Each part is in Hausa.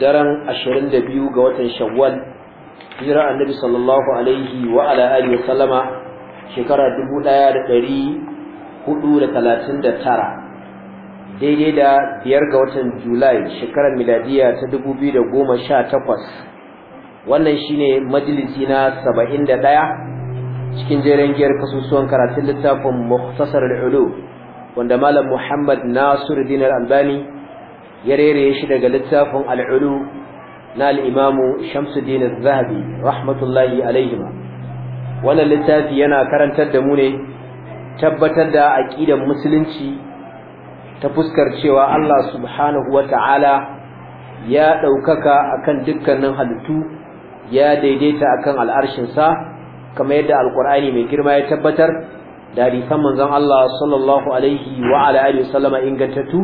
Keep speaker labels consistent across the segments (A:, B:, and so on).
A: daren 22 ga watan shawwal jira annabi sallallahu alaihi wa ala alihi sallama shekara 1439 daidai da biyar ga watan julai shekarar miladiya ta 2018 wannan shine majalisi na 71 cikin jerin giyar kasusuwan karatun littafin muhtasar al-ulum wanda malam Muhammad nasiru dinar albani ya rere shi daga littafin al'adu na al'imamu shamsuddin zahabi rahmatullahi alaihima wannan littafi yana karantar da mu ne tabbatar da aƙidar musulunci ta fuskar cewa Allah subhanahu wata'ala ya ɗaukaka akan dukkanin halittu ya daidaita akan sa kamar yadda alƙur'ani mai girma ya tabbatar da hadisan manzon Allah sallallahu alaihi wa ala alihi ingantattu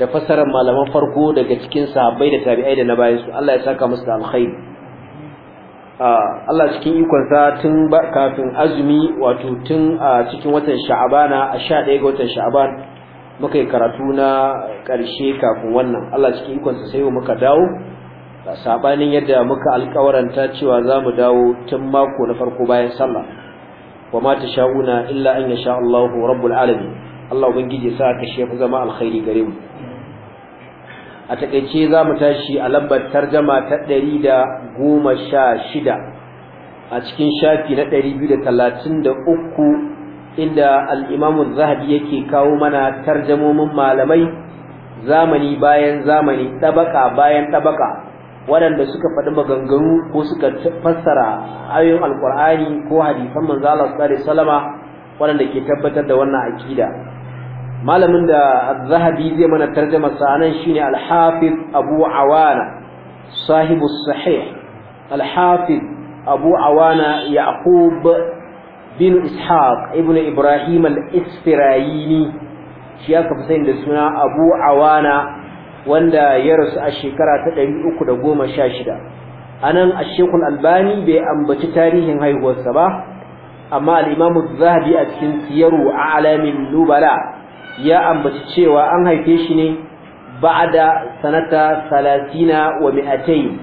A: da fasaran malaman farko daga cikin sahabbai da tabi'ai da na bayan su Allah ya saka musu alkhairi Allah cikin ikon sa tun kafin azumi wato tun a cikin watan Sha'abana a ɗaya ga watan Sha'aban muka yi karatu na ƙarshe kafin wannan Allah cikin ikon sa sai muka dawo sabanin yadda muka alƙawaranta cewa za mu dawo tun mako na farko bayan sallah wa ma sha'una illa an yasha Allahu rabbul alamin Allah ubangiji sa ka shefu zama alkhairi gare mu a takaice za mu tashi a lambar tarjama ta ɗari da goma sha shida a cikin shafi na ɗari biyu da talatin da uku inda al'imamun zahabi yake kawo mana tarjamomin malamai zamani bayan zamani tabaka bayan ɗabaka waɗanda suka faɗi maganganu ko suka fassara ayoyin alƙur'ani ko hadisan manzo Allah sallallahu waɗanda ke tabbatar da wannan aƙida malamin da zahabi zai mana tarjuma sanan shine al-hafiz abu awana sahibu sahih al-hafiz abu awana yaqub bin ishaq ibn ibrahim al-isfirayini shi aka fi sani da suna abu awana wanda ya rasu a shekara ta da goma sha 316 anan ashekul albani bai ambaci tarihin haihuwarsa ba amma al'imamu zahabi a cikin siyaru a alamin nubala ya ambaci cewa an haife shi ne da sanata salatina wa mi'atai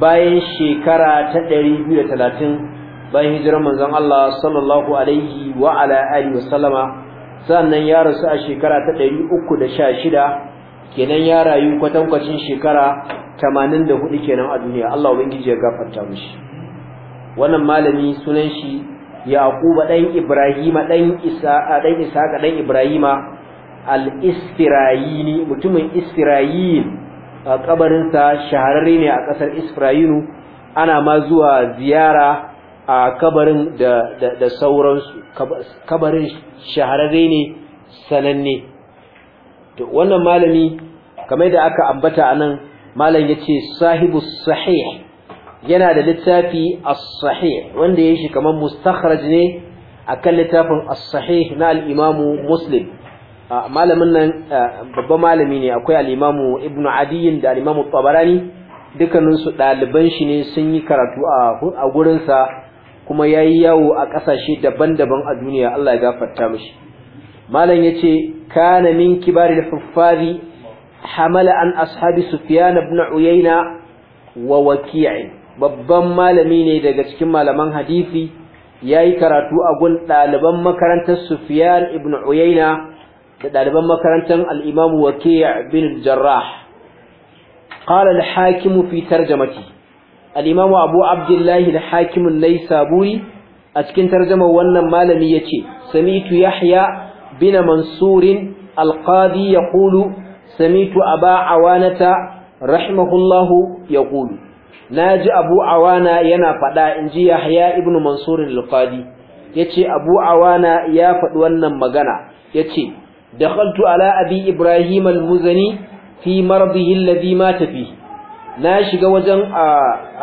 A: bayan shekara ta 230 bayan hijirar manzon Allah sallallahu alaihi wa ala alihi wa sallama sannan ya rasu a shekara ta ɗari 316 kenan ya rayu kwatankwacin shekara 84 kenan a duniya Allah ubangiji ya gafarta mishi wannan malami sunan shi yaquba dan ibrahima dan isa ah, dan isaka dan ibrahima al istirayini mutumin kabarin kabarinsa shahararre ne a kasar isfrayinu ana ma zuwa ziyara a kabarin da da kabarin shahararre ne sananne to wannan malami kamar da aka ambata anan malam yace sahibu sahih yana da littafi as-sahih wanda ya shi kamar mustakhraj ne akan littafin as-sahih na al imam muslim malamin nan babban malami ne akwai al imam ibnu adi da al imam tabarani dukkanin su ɗaliban shi ne sun yi karatu a gurin sa kuma yayi yawo a kasashe daban-daban a duniya Allah ya gafarta mishi malam yace kana min al huffazi hamala an ashabi sufyan ibn uyayna wa waki'i babban malami ne daga cikin malaman hadisi yayi karatu a gun ɗaliban makarantar Sufyan ibn Uyayna da ɗaliban makarantar al-Imam Waqi' bin Jarrah qala al-Hakim fi tarjamati al-Imam Abu Abdullah al-Hakim an-Naisaburi a cikin tarjamar wannan malami yace sami'tu Yahya bina Mansur al-Qadi yaqulu sami'tu Aba Awanata rahimahullahu kulu. naji Abu Awana yana fada inji Yahya ibnu Mansur al-Qadi yace Abu Awana ya faɗi wannan magana yace dakhaltu ala abi Ibrahim al-Muzani fi marbihi alladhi mata fi. na shiga wajen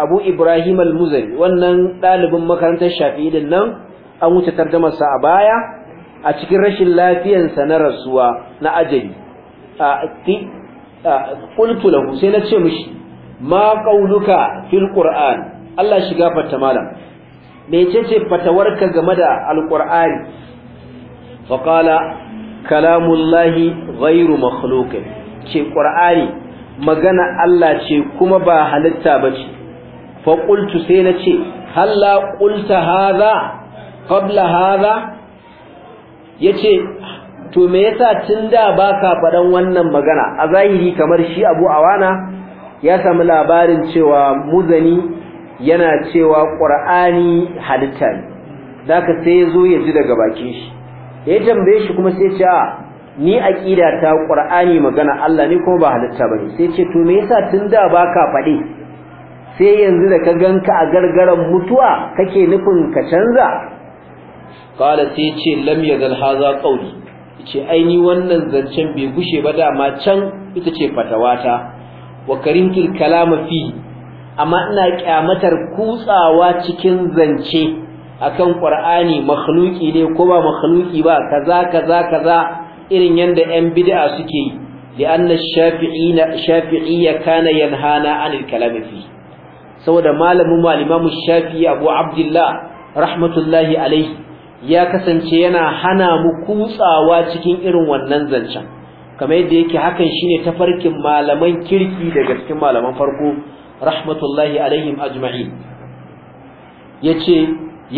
A: Abu Ibrahim al-Muzani wannan dalibin makarantar Shafi'i din nan an wuce tarjumar sa a baya a cikin rashin sa na rasuwa na ajali a qultu lahu sai na ce mishi ma qauluka fil qur'an Allah shiga fatta malam mecece fatawarka game da alqur'ani fa qala kalamullahi ghairu makhluq ce qur'ani magana Allah ce kuma ba halitta bace fa qultu sai na ce halla qulta hadha qabla hadha yace to me yasa tun da baka faɗan wannan magana a zahiri kamar shi Abu Awana ya samu labarin cewa muzani yana cewa qur'ani halitta ne zaka sai yazo ya ji daga bakin shi ya tambaye shi kuma sai ce ni aqida ta qur'ani magana Allah ne kuma ba halitta bane sai ce to me yasa tun da baka fade sai yanzu da ka ganka a gargaran mutuwa kake nufin ka canza qala sai ce lam yazal haza qawli ce aini wannan zancen bai gushe ba dama can ita ce fatawata wa karimtul kalama fi amma ina kyamatar kutsawa cikin zance akan qur'ani makhluki ne ko ba makhluki ba kaza kaza kaza irin yanda yan bid'a suke yi lianna shafi'ina shafi'iyya kana yanhana anil kalami fi saboda malamin imam shafi'i abu abdullah rahmatullahi alaihi ya kasance yana hana mu kutsawa cikin irin wannan zancen kamar yadda yake hakan shine tafarkin malaman kirki daga cikin malaman farko rahmatullahi alaihim ajma'in yace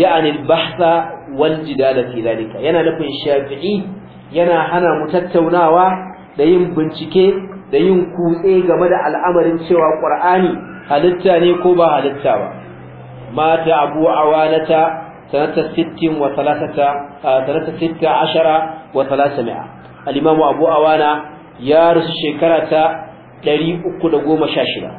A: ya'ani al-bahtha wal jidala fi dhalika yana nufin shafi'i yana hana mu tattaunawa da yin bincike da yin kutse game da al'amarin cewa qur'ani halitta ne ko ba halitta ba mata abu awanata sanata 60 wa sanata 16 wa 300 al-imamu abu awana ya rusu shekara ta 316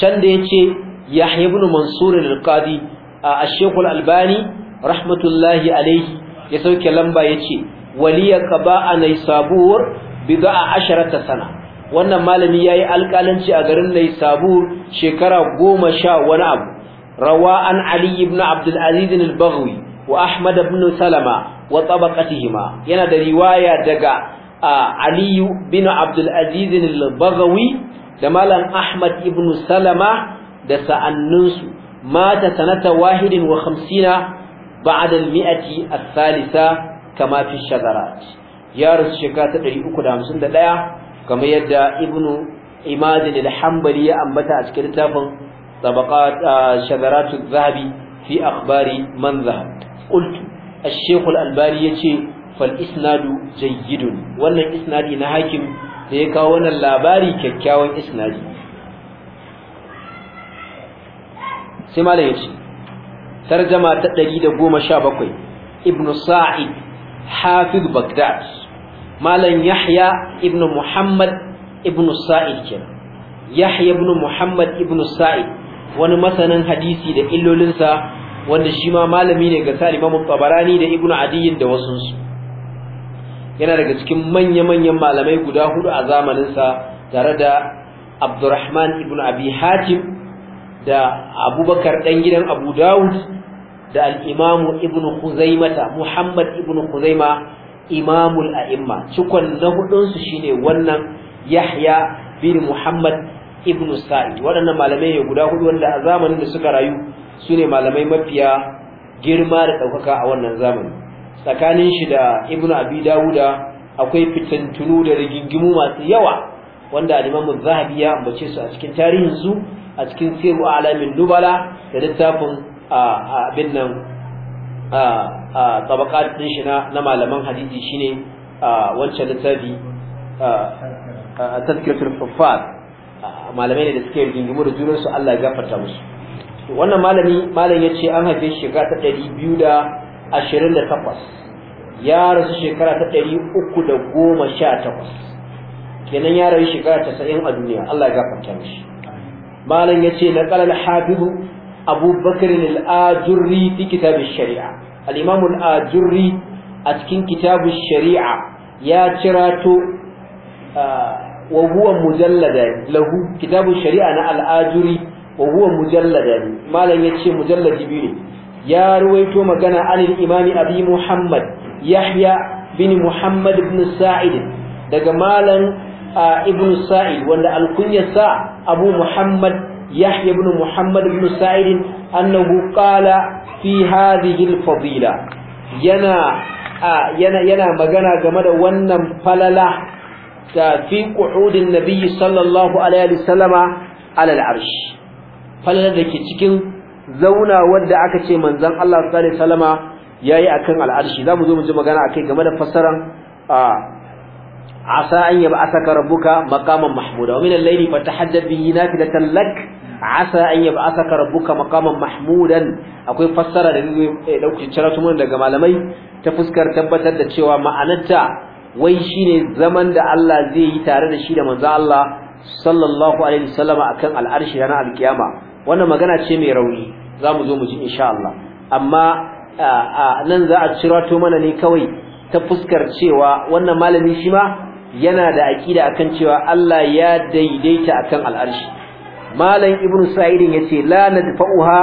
A: can da yace yahya ibn mansur al-qadi a shekul albani rahmatullahi alaihi ya sauke lamba yace waliya qaba anaysabur bid'a asharata sana wannan malami yayi alƙalanci a garin Naysabur shekara 10 wani abu rawa an ali ibn abdul aziz al-baghawi wa ahmad ibn salama wa tabaqatihima yana da riwaya daga Ali bin Abdul Aziz al-Baghawi da Malam Ahmad ibn Salama da sa'annunsu mata sanata wahidin wa khamsina ba'da al-mi'ati ath-thalitha kama fi shadarat ya rasu shekara ta 351 kamar yadda Ibn Imad al-Hanbali ya ambata a cikin littafin طبقات شذرات zahabi fi أخبار من قلت Ashekul Albari ya ce, Fal isnadu jayyidun, wannan isnadi na hakim da ya kawo wannan labari kyakkyawan isnadi. Sai Malam ya Tarjama ta ɗari da goma sha bakwai, Ibn Sa’id, Hafiz Baghdad, Malam Yahya Ibn Muhammad Ibn Sa’id Yahya Ibn Muhammad Ibn Sa’id, wani masanin hadisi da illolinsa wanda shi ma malami ne ga sa Imam Tabarani da Ibn Adiyin da wasu yana daga cikin manya-manyan malamai guda hudu a zamaninsa tare da Abdurrahman ibn Abi Hatim da Abubakar dan gidan Abu Dawud da al Ibnu Ibn Muhammad ibn huzaima imamul a'imma cikon na hudunsu shine wannan Yahya bin Muhammad ibn Sa'id waɗannan malamai ne guda hudu wanda a zamanin da suka rayu su ne malamai mafiya girma da ɗaukaka a wannan zamani tsakanin shi da Ibn abi dawuda akwai fitantunu da rigingimu masu yawa wanda alimamu zahabi ya ambace su a cikin tarihinsu a cikin siru alamin nubala da littafin abin nan tabaka ɗin shi na malaman hadisi shine wancan littafi a tazkiratul fufar malamai ne da suke rigingimu da junansu Allah ya gafarta musu to wannan malami malam ce an haife shi shekara ta ɗari biyu da da ashirin takwas ya rasu shekara ta ɗari uku da goma sha takwas kenan ya rayu shekara 90 a duniya Allah ya gafarta mishi malam yace na qalal hafidu Abubakar Bakr al-Ajurri fi kitabin sharia al-Imam a cikin kitabin sharia ya cirato ah, wa huwa mujallada lahu kitab al-Shari'a na al-Ajurri wa huwa malam yace mujalladi biyu ne ya ruwaito magana an imami abi muhammad yahya bin muhammad ibn sa'id daga malam ibn sa'id wanda alkunya sa abu muhammad yahya ibn muhammad ibn sa'id annahu qala fi hadhihi al yana magana game da wannan falala ta fi qu'udin nabi sallallahu alaihi wasallama ala al falalar da ke cikin zaunawar da aka ce manzan Allah sallallahu alaihi wasallama yayi akan al'arshi zamu Za mu ji magana akai game da fasaran a asa an yaba asaka rabbuka maqaman mahmuda wa min al-layli fatahaddath bihi nafilatan lak asa an yaba asaka rabbuka maqaman mahmudan akwai fasara da zai dauki karatu daga malamai ta fuskar tabbatar da cewa ma'anarta wai shine zaman da Allah zai yi tare da shi da manzo Allah sallallahu alaihi wasallama akan al-arshi ranar al wannan magana ce mai rauni za mu zo mu ji insha Allah amma nan za a cirato mana ne kawai ta fuskar cewa wannan malami shi ma yana da aƙida akan cewa Allah ya daidaita akan al'arshi malam ibnu sa'idin yace la nadfa'uha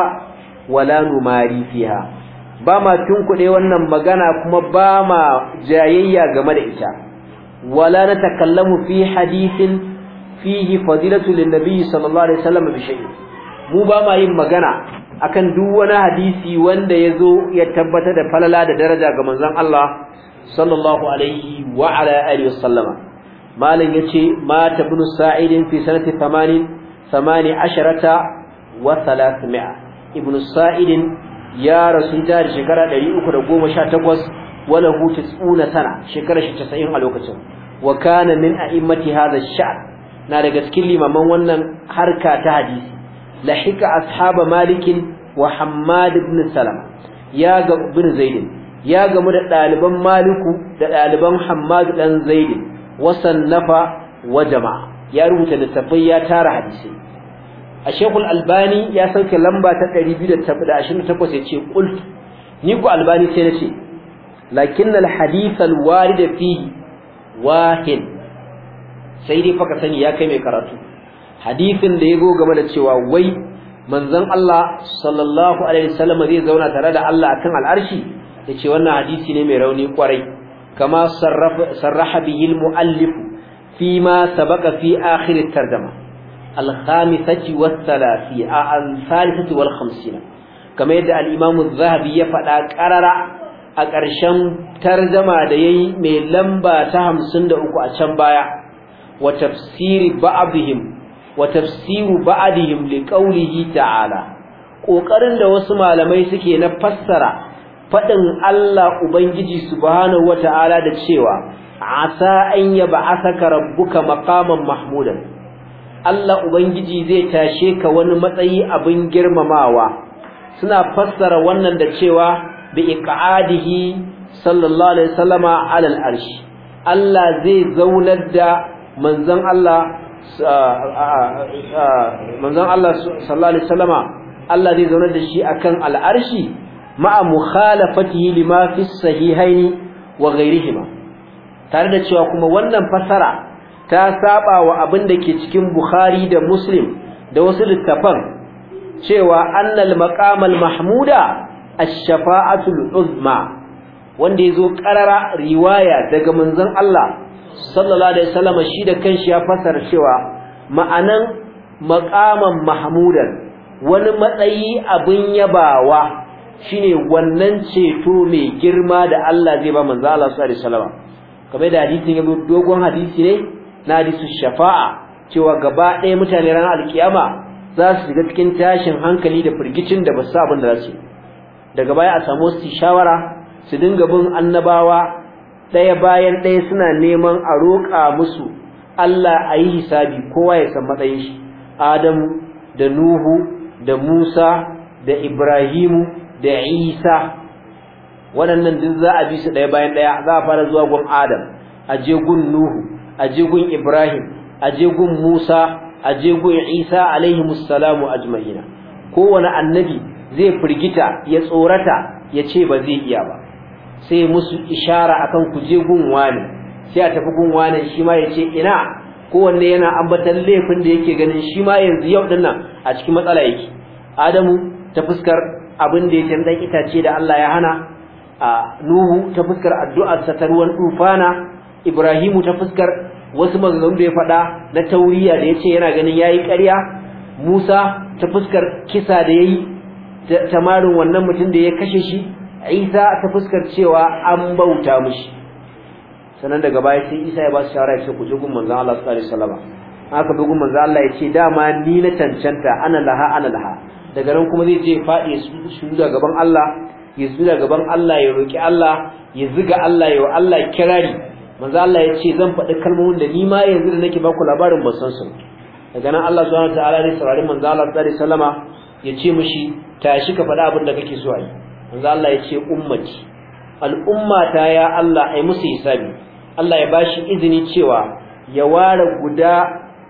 A: wala numari fiha ba ma tunkuɗe wannan magana kuma ba ma jayayya game da ita wala natakallamu fi hadithin fihi fadilatu lin nabiy sallallahu alaihi wasallam bi shay'in mu ba ma yin magana akan duk wani hadisi wanda yazo ya tabbata da falala da daraja ga manzon Allah sallallahu alaihi wa ala alihi wasallama malam yace mata ibn sa'id fi sanati 80 18 wa 300 ibn sa'id ya rasu ta da shekara 318 wala huta tsuna sana shekara 90 a lokacin wa kana min a'immati hadha ash-sha'r na daga cikin limaman wannan harka ta hadisi لحق أصحاب مالك وحماد بن سلمة يا بن زيد يا جمد الألبان مالك الألبان حماد بن زيد وصنف وجمع يا روت التفيا تار حديثي الشيخ الألباني يا سلك لمبا تقريبي لتبدا عشان تقوس يتشي قلت نيكو ألباني سينشي لكن الحديث الوارد فيه واحد سيدي dai faka sani ya kai hadisin da yago game da cewa wai manzon Allah sallallahu alaihi wasallam zai zauna tare da Allah akan al'arshi yace wannan hadisi ne mai rauni kwarai kama sarrafa sarraha bihi al-muallif fi ma sabaqa fi akhir at-tarjuma al-khamisati was a al-thalithati wal-khamsina kama yadda al-imam az ya fada qarara a ƙarshen tarjama da yayi mai lamba ta 53 a can baya wa tafsiri ba'dihim wa tafsiru ba'dihim liqaulihi ta'ala kokarin da wasu malamai suke na fassara fadin Allah ubangiji subhanahu wata'ala da cewa asa an yab'athaka rabbuka maqaman mahmudan Allah ubangiji zai tashe ka wani matsayi abin girmamawa suna fassara wannan da cewa bi iqadihi sallallahu alaihi wasallama alal arshi Allah zai zaunar da manzon Allah manzon Allah sallallahu alaihi wasallama Allah zai zauna da shi akan al'arshi ma'a mukhalafatihi lima fi sahihaini wa ghairihima tare da cewa kuma wannan fasara ta saba wa abin da ke cikin Bukhari da Muslim da wasu littafan cewa annal maqamal mahmuda ash-shafa'atul uzma wanda yazo qarara riwaya daga manzon Allah sallallahu alaihi wasallam shi da kanshi ya fasara cewa ma'anan maqaman mahmudan wani matsayi abin yabawa shine wannan ceto mai girma da Allah zai ba manzo Allah sallallahu alaihi wasallam kamar da hadisin ne dogon hadisi ne na hadisu shafa'a cewa gaba ɗaya mutane ranar alkiyama za su shiga cikin tashin hankali da firgicin da ba su abin da za su daga baya a samu su shawara su dinga bin annabawa ɗaya bayan ɗaya suna neman a roƙa musu Allah a yi hisabi kowa ya san matsayin shi Adamu da Nuhu da Musa da Ibrahimu da Isa waɗannan duk za a bi su ɗaya bayan ɗaya za a fara zuwa gun Adam a je gun Nuhu a je gun Ibrahim a je gun Musa a je gun Isa alaihi musallamu ajma'ina kowane annabi zai firgita ya tsorata ya ce ba zai iya ba sai musu ishara akan ku je gun sai a tafi gun wani shi ma yace ina kowanne yana ambatan laifin da yake ganin shi ma yanzu yau dinnan a cikin matsala yake Adamu ta fuskar abin da yake dan itace da Allah ya hana a Nuhu ta fuskar addu'ar sa ta ruwan dufana Ibrahimu ta fuskar wasu maganganun da ya faɗa na tauriya da yace yana ganin yayi ƙarya Musa ta fuskar kisa da yayi tamarin wannan mutum da ya kashe shi Isa ta fuskar cewa an bauta mishi sannan daga baya sai Isa ya ba su shawara ce ku ji gun manzon Allah sallallahu alaihi wasallam haka bi gun manzon Allah ya ce dama ni na cancanta ana laha ana laha daga nan kuma zai je faɗi su gaban Allah ya zuga gaban Allah ya roki Allah ya ziga Allah ya wa Allah kirari manzo Allah ya ce zan faɗi kalmomin da ni ma yanzu da nake baku labarin ba san su daga nan Allah subhanahu ta'ala ne Allah sallallahu alaihi wasallam ya ce mishi tashi ka faɗa abin da kake so a yi manzo Allah ya ce ummati al'ummata ya Allah ai musu hisabi Allah ya bashi izini cewa ya ware guda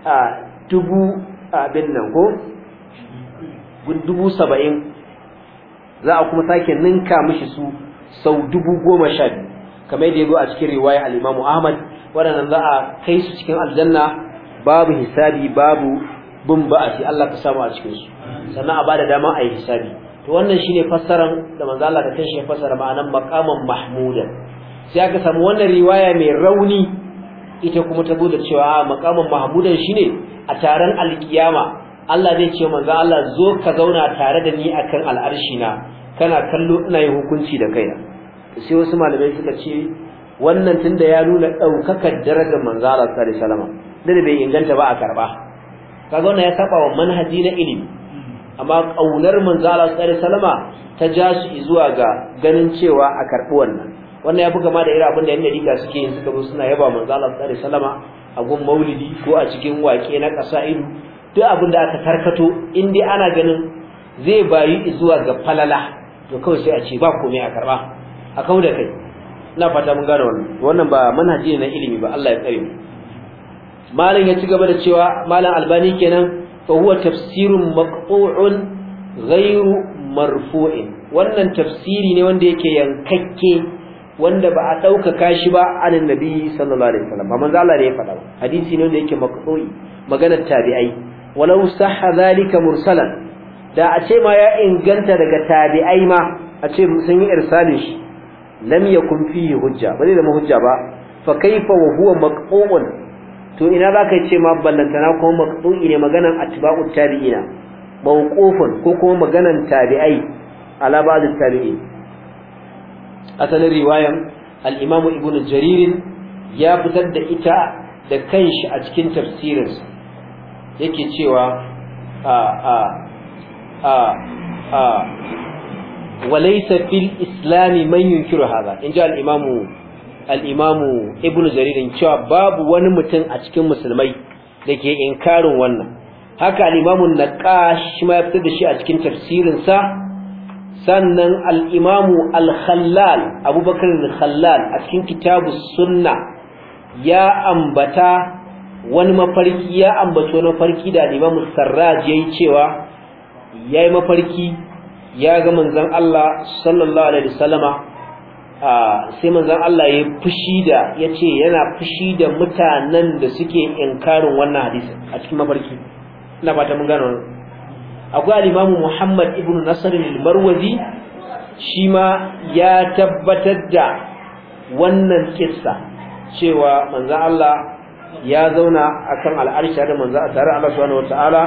A: a dubu abin nan ko dubu saba'in za a kuma sake ninka mishi su sau dubu goma sha biyu kamar yadda ya zo a cikin riwaya al'imamu ahmad waɗannan za a kai su cikin aljanna babu hisabi babu bin ba'asi Allah ka samu a cikinsu sannan a ba da dama a yi hisabi to wannan shine fassaran da manzo Allah da kanshi ya fassara ma'anan maqaman mahmudan sai aka samu wannan riwaya mai rauni ita kuma ta bude cewa maqaman mahmudan shine a taron alkiyama Allah zai ce manzo Allah zo ka zauna tare da ni akan al'arshi na kana kallo ina yin hukunci da kaina sai wasu malamai suka ce wannan tunda ya nuna daukakar darajar manzo Allah sallallahu alaihi wasallam da bai inganta ba a karba kaga wannan ya saba wa manhaji na ilimi amma kaunar manzo Allah sallallahu alaihi ta ja shi zuwa ga ganin cewa a karbi wannan wannan ya fi kama da irin abin da yan dika suke yin suka zo suna yaba manzo Allah sallallahu alaihi a gun maulidi ko a cikin waƙe na ƙasaidu duk abin da aka tarkato in dai ana ganin zai bayi zuwa ga falala to kawai sai a ce ba komai a karba a kawo da kai ina fata mun gane wannan wannan ba manhaji ne na ilimi ba Allah ya tsare mu malam ya ci gaba da cewa malam albani kenan fa huwa tafsirun غير مرفوع wannan tafsiri ne wanda yake yankakke wanda ba a ɗaukaka shi ba anan nabi sallallahu alaihi wasallam amma manzo Allah ne ya faɗa hadisi ne wanda yake maqtu'i maganar tabi'ai walau sahha zalika mursalan da a ce ma ya inganta daga tabi'ai ma a ce sun yi irsalin shi lam yakun fihi hujja ba zai zama hujja ba fa kaifa wa huwa maqtu'un to ina za ka ce ma ballantana kuma maqtu'i ne maganan atba'u tabi'ina mawqufun ko kuma maganan tabi'ai ala ba'd tabi'in asalin riwayan al-imam ibn jarir ya fitar da ita da kanshi a cikin tafsirin yake cewa a a a a walaysa fil islam man yunkiru hadha ja al-imam al-imamu ibn jaririn cewa babu wani mutum a cikin musulmai da ke inkarin wannan haka al-imamu naqash ma ya fitar da shi a cikin tafsirin sa sannan Al'imamu al-khallal abubakar al-khallal a cikin kitabu sunna ya ambata wani mafarki ya ambaci wani mafarki da al-imamu sarraj yayi cewa yayi mafarki ya ga manzon Allah sallallahu alaihi wasallama sai manzan Allah ya fushi da yace yana fushi da mutanen da suke inkarin wannan hadisi a cikin mafarki ina fata mun gano akwai al-Imam Muhammad ibn Nasr al-Marwazi shi ma ya tabbatar da wannan kissa cewa manzan Allah ya zauna akan al-arsha da manzon Allah tare Allah subhanahu wataala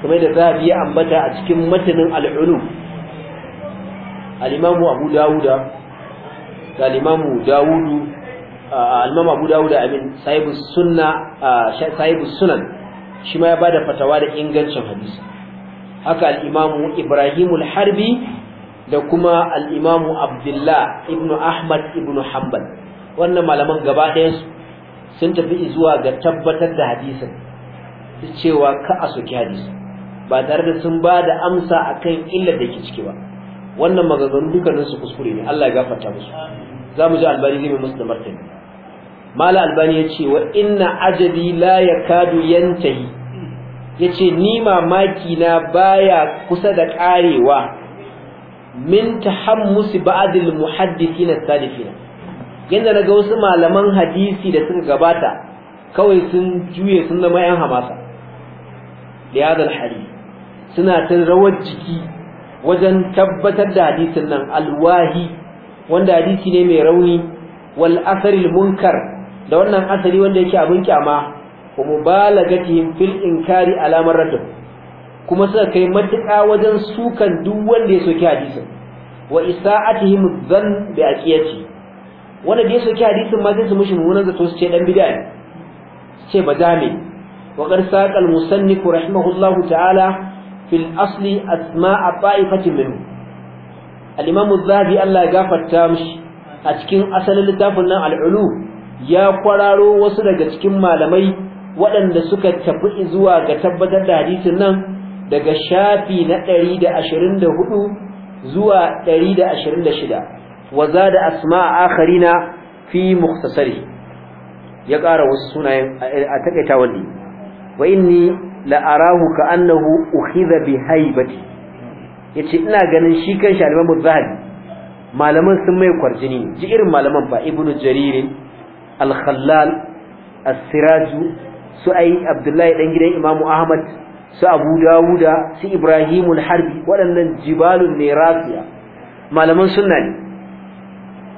A: kamar da zabi ya ambata a cikin matanin al-ulum al Abu Dawuda ga limamu dawudu almama abu dawud amin sahibu sunna sahibu sunan shi ma ya bada fatawa da ingancin hadisi haka al'imamu imamu harbi da kuma al'imamu imamu abdullah ibnu ahmad ibnu hanbal wannan malaman gaba ɗaya sun tafi zuwa ga tabbatar da hadisin cewa ka a soki hadisi ba tare da sun ba da amsa akan illar da ke ciki ba wannan maganganu dukkanin kuskure ne Allah ya gafarta musu za mu ji albani zai mai musu da martani mala albani ya ce wa inna ajali la yakadu yantahi ya ce ni mamaki na baya kusa da karewa min tahammusi ba'dil muhaddithina salifina yanda naga wasu malaman hadisi da suka gabata kawai sun juye sun zama yan hamasa da hari suna ta rawar jiki wajen tabbatar da hadisin nan alwahi wanda hadisi ne mai rauni wal asaril munkar da wannan asari wanda yake abin kyama wa mubalagatihim fil inkari ala marratib kuma suka kai matuƙa wajen sukan duk wanda ya soki hadisin wa isa'atihim dhann bi aqiyati wanda ya soki hadisin ma sai su mushi mummunan zato su ce dan bid'a su ce ba wa qad saqa musannif rahimahullahu ta'ala fil asli asma'a ta'ifatin minhu al-imam az-zahabi Allah ya gafarta mishi a cikin asalin littafin nan al-ulu ya kwararo wasu daga cikin malamai waɗanda suka tafi zuwa ga tabbatar da hadisin nan daga shafi na 124 zuwa 126 wa zada asma'a akharina fi mukhtasari ya ƙara wasu sunayen a takaita wani wa inni la'arahu ka annahu ukhidha bi haibati yace ina ganin shi kan shaliman zahabi malaman sun mai kwarjini ji irin malaman ba ibnu jarir al-khallal as-siraj su ai abdullahi dan gidan imamu ahmad su abu dawuda su ibrahim al-harbi waɗannan jibalun ne rafiya malaman sunna ne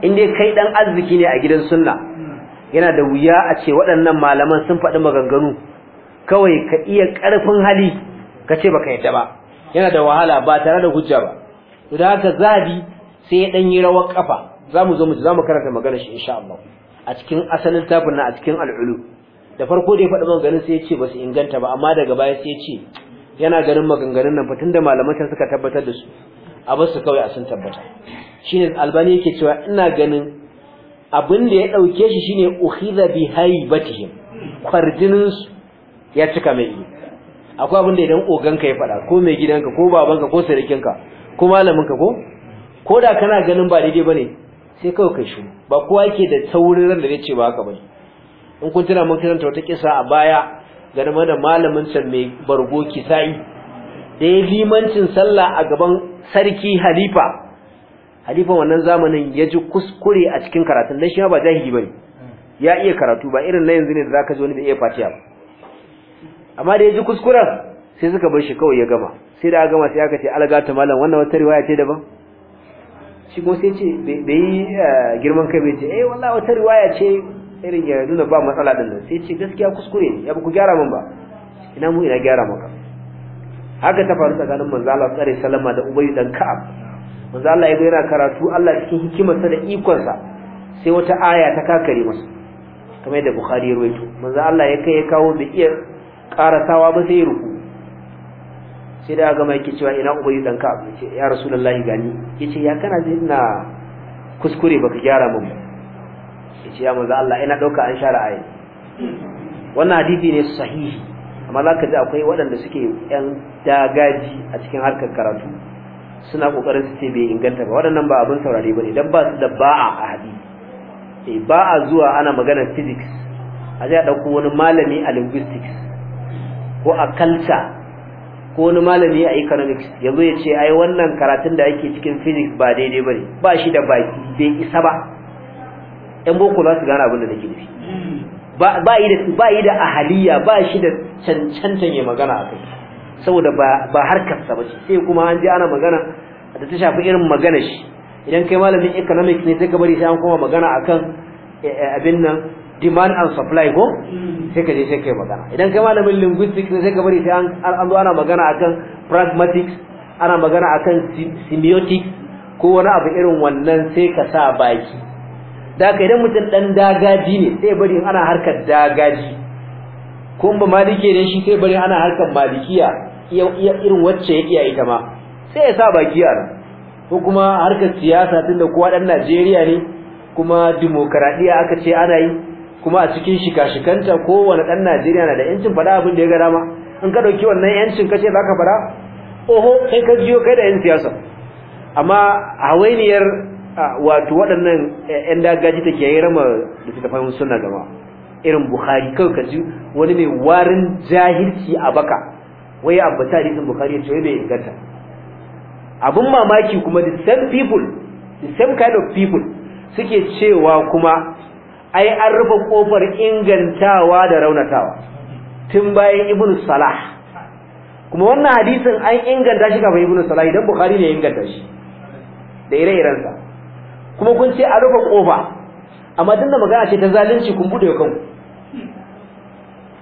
A: inda kai dan arziki ne a gidan sunna yana da wuya a ce waɗannan malaman sun faɗi maganganu kawai ka iya karfin hali ka ce baka yadda ba yana da wahala ba tare da hujja ba to da haka zabi sai ya dan yi rawar kafa zamu zo mu zamu karanta maganar shi insha Allah a cikin asalin tafin na a cikin al'ulu da farko da ya faɗi ganin sai ya ce ba su inganta ba amma daga baya sai ya ce yana ganin maganganun nan fatin da malaman suka tabbatar da su a bar su kawai a sun tabbata shine albani yake cewa ina ganin abin da ya dauke shi shine ukhiza bi haibatihim kwarjinin su ya cika mai ilimi akwai abin da idan oganka ya faɗa ko mai gidanka ko babanka ko sirikinka ko malaminka ko ko da kana ganin ba daidai bane sai kawai kai shi ba kowa yake da saurin ran da zai ce ba haka bane in kun tuna mun karanta wata kisa a baya game da malamin can mai bargo kisai da ya limancin sallah a gaban sarki halifa halifa wannan zamanin ya ji kuskure a cikin karatun dan shi ba jahili bane ya iya karatu ba irin na yanzu ne da zaka ji wani bai iya fatiha ba amma da ya ji kuskuren sai suka bar shi kawai ya gama sai da ya gama sai aka ce algata malam wannan wata riwaya ce daban shi kuma sai ce bai yi eh, girman kai bai ce eh wallahi wata riwaya ce irin ya nuna ba matsala din nan sai ce gaskiya kuskure ne ya ku gyara min ba ina mu ina gyara maka haka ta faru tsakanin manzo Allah tsare sallama da Ubay dan Ka'ab manzo Allah yayin yana karatu Allah cikin hikimarsa da ikonsa sai wata aya ta kakare masa kamar yadda Bukhari ya rawaito manzo Allah ya kai ya kawo bi'ir karatawa ba sai ruku sai da ga mai cewa ina ubayi dan ka yace ya rasulullahi gani yace ya kana ji ina kuskure baka gyara mun yace ya manzo Allah ina dauka an share ayi wannan hadisi ne sahihi amma zaka ji akwai waɗanda suke yan dagaji a cikin harkar karatu suna kokarin su ce bai inganta ba waɗannan ba abin saurare bane dan ba su da ba'a a hadisi eh ba'a zuwa ana magana physics a je a dauko wani malami a linguistics ko a kalta ko wani malami a economics zo ya ce ai wannan karatun da ake cikin physics ba daidai bane ba shi da baki bai isa ba ɗan boko za su gane abin da nake nufi ba yi da ba yi da ahaliya ba shi da cancantan ya magana a kai saboda ba harkar sa ce sai kuma an je ana magana da ta shafi irin magana shi idan kai malamin economics ne sai ka bari sai an koma magana akan eh, eh, abin nan demand and supply ko hmm. sai ka je sai kai magana idan kai malamin linguistics sai ka bari sai an zo ana magana akan pragmatics ana magana akan semiotics ko wani abu irin wannan sai ka sa baki da ka idan mutum dan dagaji ne sai bari ana harkar dagaji ko ba malike ne shi sai bari ana harkar malikiya irin wacce ya iya ita ma sai ya sa baki a ko kuma harkar siyasa tunda kowa dan Najeriya ne kuma demokradiya aka ce ana yi kuma a cikin shika-shikanta kowane ɗan Najeriya na da yancin faɗa abin da ya ga dama in ka ɗauki wannan yancin ka ce za ka faɗa oho kai ka jiyo kai da yan siyasa amma hawainiyar wato waɗannan ƴan dagaji take yayi rama da ta fahimci suna gama irin Bukhari kawai ka ji wani mai warin jahilci a baka wai ambata hadisin Bukhari ya ce wai bai inganta abun mamaki kuma the same people the same kind of people suke cewa kuma ai an rufe kofar ingantawa da raunatawa tun bayan ibnu salah kuma wannan hadisin an inganta shi kafin ibnu salah idan bukhari ne ya inganta shi da ire-irensa kuma kun ce a rufe kofa amma din da magana ce ta zalunci kun bude kanku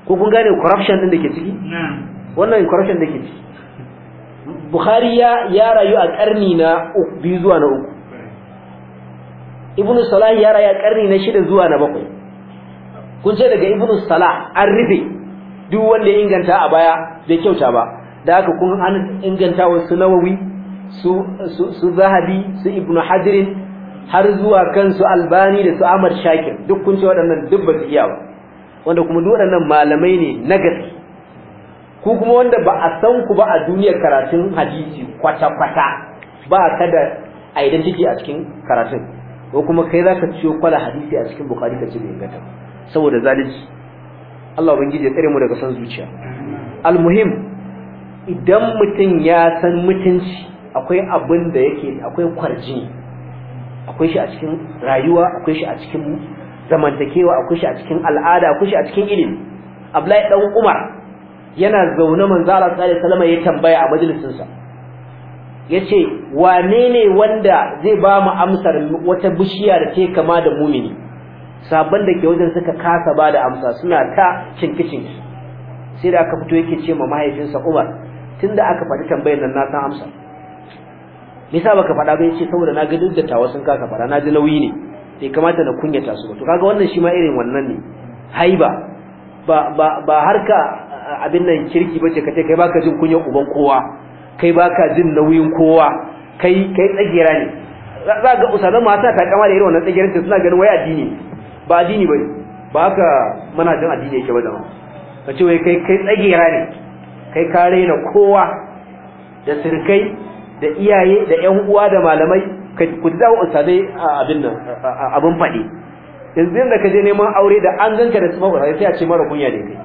A: ko kun gane corruption din da ke ciki wannan corruption da ke ciki bukhari ya ya rayu a karni na biyu zuwa na uku ibnu salah ya raya karni na shida zuwa na bakwai kun ce daga ibnu salah an rufe duk wanda ya inganta a baya bai kyauta ba da haka kun an inganta wasu nawawi su su zahabi su ibnu hadirin har zuwa kansu albani da su ahmad shakir duk kun ce waɗannan duk ba su iya ba wanda kuma duk waɗannan malamai ne na gaske ku kuma wanda ba a san ku ba a duniyar karatun hadisi kwata-kwata ba ka da identity a cikin karatun ko kuma kai zaka ciyo kwala hadisi a cikin bukhari kace bai inganta saboda zalunci Allah ubangiji ya tsare mu daga san zuciya almuhim idan mutun ya san mutunci akwai abin da yake akwai kwarji akwai shi a cikin rayuwa akwai shi a cikin zamantakewa akwai shi a cikin al'ada akwai shi a cikin ilimi Abdullahi dan Umar yana zaune manzo Allah sallallahu alaihi wasallam ya tambaya a majalisinsa yace wane ne wanda zai ba mu amsar wata bishiya da take kama da mumini sabon da ke wajen suka kasa ba da amsa suna ta cinkicin sai da aka fito yake ce ma mahaifinsa Umar tunda aka faɗi tambayar nan na san amsa me yasa baka faɗa ba yace saboda na ga duk tawa sun kasa faɗa na ji nauyi ne sai kamata na kunyata su ba to kaga wannan shi ma irin wannan ne haiba ba ba ba harka abin nan kirki bace kace kai baka jin kunyar uban kowa kai baka jin nauyin kowa kai kai tsagera ne za ga usalan mata ta kama da irin wannan tsagirin ta suna ganin wai addini ba addini bane ba haka jin addini yake ba da ka ce wai kai kai tsagera ne kai ka raina kowa da sirkai da iyaye da ƴan uwa da malamai ku da usalai abin nan abin fadi yanzu yanda ka je neman aure da an zanta da su tsufa sai a ce mara kunya ne kai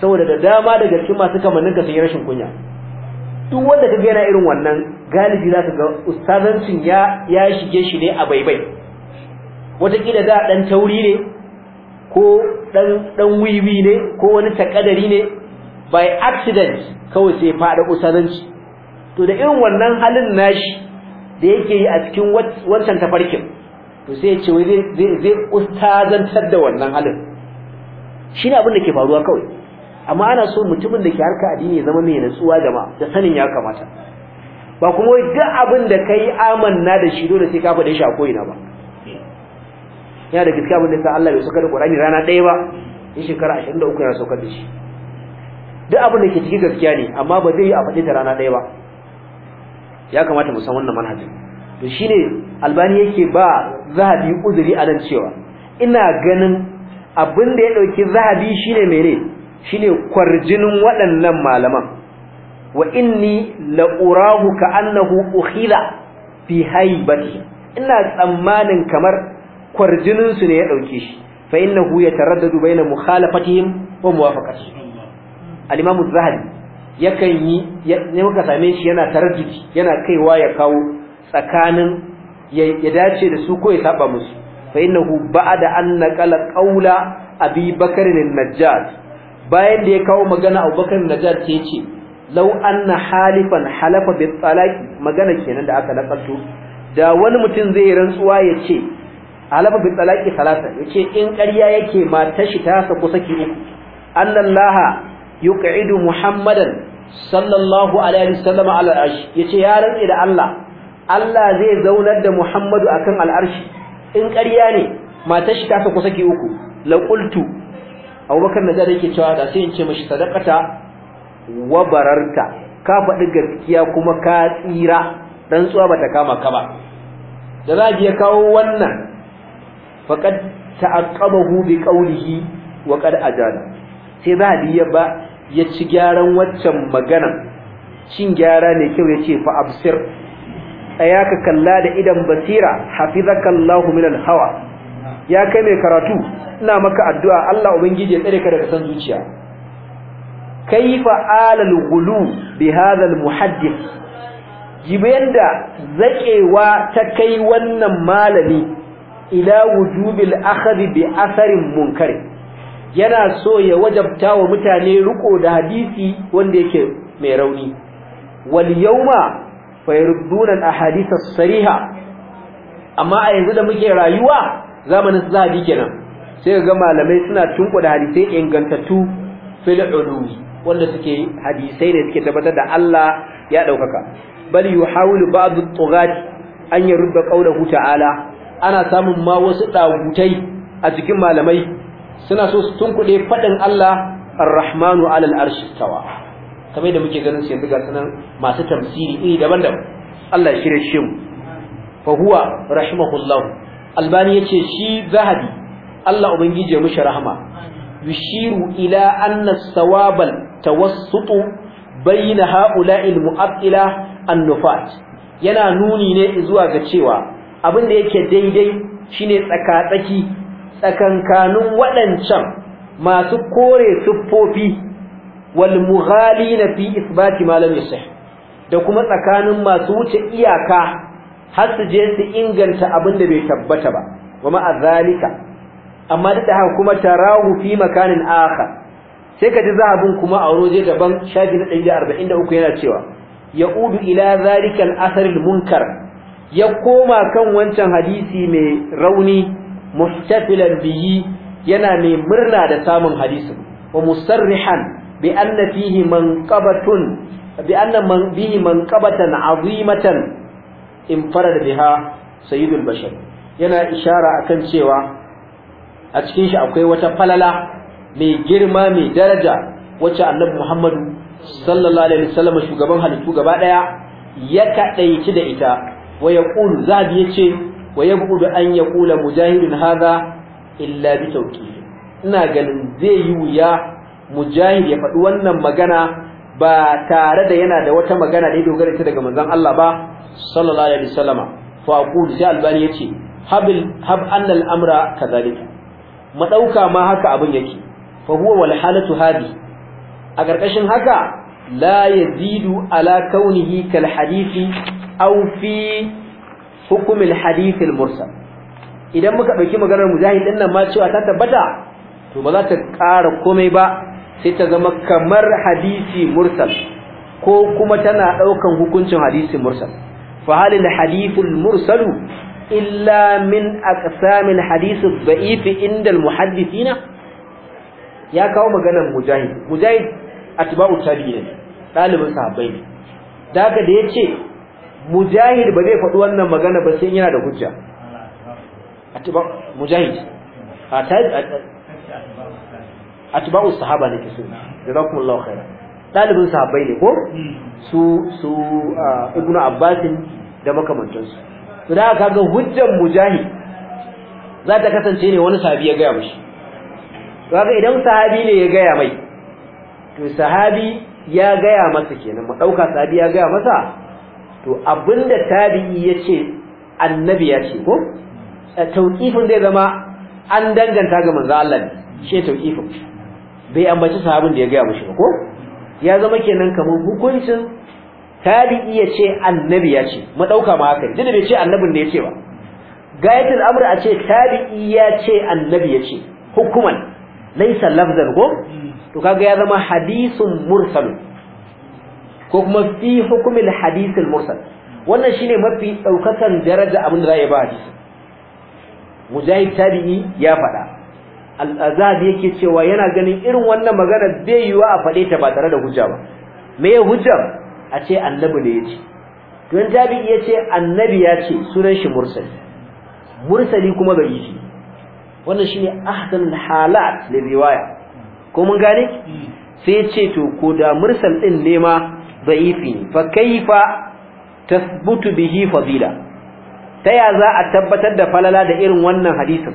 A: saboda da dama daga cikin masu kamannin ka sun yi rashin kunya duk wanda kaga yana irin wannan galibi zaka ga ustazancin ya ya shige shi ne a baibai wataƙila da dan tauri ne ko dan dan wiwi ne ko wani takadari ne by accident kawai sai fada ustazanci to da irin wannan halin nashi da yake yi a cikin wancan tafarkin to sai ya ce wai zai ustazantar da wannan halin shine abin da ke faruwa kawai amma ana so mutumin da ke harka addini ya zama mai natsuwa jama'a da sanin ya kamata ba kuma wai duk abin da kai amanna da shi dole sai ka faɗe shi a koyina ba yana da gaskiya abin da sa Allah bai saukar da Qur'ani rana ɗaya ba in shekara 23 ya saukar da shi duk abin da ke cikin gaskiya ne amma ba zai yi a faɗe ta rana ɗaya ba ya kamata mu san wannan manhajin to shine albani yake ba zahabi uzuri a nan cewa ina ganin abin da ya ɗauki zahabi shine mene shine kwarjinin waɗannan malaman wa inni ka annahu ukhila fi haibati ina tsammanin kamar kwarjinin su ne ya dauke shi fa innahu yataraddadu baina mukhalafatihim wa muwafaqatihim al-imam az-zahabi yakan yi ne muka same shi yana taraddudi yana kaiwa ya kawo tsakanin ya dace da su ko ya saba musu fa innahu ba'da an naqala qawla abi bakr an-najjar bayan da ya kawo magana abubakar najjar ce ce lau anna halifan halafa bi talaqi magana kenan da aka lakanto da wani mutum zai rantsuwa ya ce halafa bi talaqi salasa ya ce in ƙarya yake matar shi ta kusa saki uku annallaha yuq'idu muhammadan sallallahu alaihi wasallam ala arshi yace ya rantsi da Allah Allah zai zaunar da Muhammadu akan al'arshi in ƙarya ne matar shi ta kusa saki uku la qultu abubakar na jada yake cewa da sai in ce mishi sadakata wa bararta ka faɗi gaskiya kuma ka tsira dan tsuwa bata kama ka ba da za ya kawo wannan faqad ta'aqabahu bi qawlihi wa qad ajala sai za ya ba ya ci gyaran waccan magana cin gyara ne kyau yace fa absir aya ka kalla da idan basira hafizakallahu min hawa ya kai mai karatu ina maka addu'a Allah ubangiji ya tsare ka daga san zuciya kai alal gulu bi hadha muhaddis muhaddith da zaƙewa ta kai wannan malami ila wujubil akhadhi bi asarin munkar yana so ya wajabta wa mutane riko da hadisi wanda yake mai rauni wal yawma fayarudduna al ahadith sariha amma a yanzu da muke rayuwa zamanin sahabi kenan sai ga malamai suna tunkuda hadisai ingantattu fil ulumi wanda suke hadisai ne suke tabbatar da Allah ya daukaka bal yuhawilu ba'du at-tughat an yarudda qawluhu ta'ala ana samun ma wasu dawutai a cikin malamai suna so su tunkude fadin Allah ar-rahmanu 'ala al-arshi tawa kamar da muke ganin su yanzu ga sanan masu tafsiri iri daban-daban Allah ya shirye shi mu fa huwa rahimahullah albani yace shi zahabi Allah ubangiji ya mushi rahama yushiru ila anna sawabal tawassutu bayna ha'ula'il mu'attila an-nufat yana nuni ne zuwa ga cewa abin da yake daidai shine tsakatsaki tsakankanin waɗancan masu kore siffofi wal mughalina fi isbati ma lam yasih da kuma tsakanin masu wuce iyaka har su je su inganta abin da bai tabbata ba wa ma'a zalika amma da haka kuma tarahu fi makanin akhar sai ka ji zahabin kuma a waje daban shafi na 143 yana cewa yaudu ila zalika asalin athar al-munkar ya koma kan wancan hadisi mai rauni muhtafilan bihi yana mai murna da samun hadisin wa musarrihan bi anna fihi manqabatun bi anna man bihi manqabatan azimatan infarad biha sayyidul bashar yana ishara akan cewa a cikin shi akwai wata falala mai girma mai daraja wacce annabi Muhammadu sallallahu alaihi wasallam shugaban halittu gaba daya ya kadaici da ita wa yaqul zabi yace wa yabud an yaqula mujahidun hadha illa bi tawqif ina ganin zai yi wuya mujahid ya faɗi wannan magana ba tare da yana da wata magana da ya dogara ita daga manzon Allah ba sallallahu alaihi wasallama fa aqul sai albani yace habil hab anna al-amra kadhalika mu ma haka abin yake fa huwa wal halatu hadi a karkashin haka la yazidu ala kaunihi kal hadisi aw fi hukum al hadith al mursal idan muka dauki maganar mujahid din nan ma cewa ta tabbata to ba za ta ƙara komai ba sai ta zama kamar hadisi mursal ko kuma tana daukan hukuncin hadisi mursal fa halil hadithul mursalu illa min aqsamil hadith ad-da'if inda al-muhaddithina ya kawo maganar mujahid mujahid atba'u tabi'in dalibin sahabbai ne daga da yace mujahid ba zai faɗi wannan magana ba sai yana da hujja atba mujahid atba'u sahaba ne kisu jazakumullahu khairan dalibin sahabbai ne ko su su ibnu abbasin da makamantansu to da ga hujjar mujahid za ta kasance ne wani sahabi ya gaya mashi. to kaga idan sahabi ne ya gaya mai to sahabi ya gaya masa kenan mu dauka sahabi ya gaya masa to abinda tabi'i yace annabi ya ce ko eh, tauqifin zai zama an danganta ga manzo Allah ne shi tauqifin bai ambaci sahabin da ya gaya mashi ba ko ya zama kenan kamar hukuncin tabi'i ya ce annabi ya ce mu dauka ma haka duk bai ce annabin da yake ba gayatul amr a ce tabi'i ya ce annabi ya ce hukuman laysa lafzan go to kaga ya zama hadisun mursal ko kuma fi hukumil hadithil mursal wannan shine mafi daukakan daraja abin da zai a ba hadisi mujahid tabi'i ya faɗa al-azabi yake cewa yana ganin irin wannan magana bai yiwa a faɗe ta ba tare da hujja ba me ya hujja a ce annabi ne ya ce don tabi'i ya ce annabi ya ce sunan shi mursali mursali kuma bai yi wannan shine ahdan halat lil riwaya ko mun gane sai ce to ko da mursal ɗin ne ma yi ne fa kaifa tasbutu bihi fadila ta ya za a tabbatar da falala da irin wannan hadisin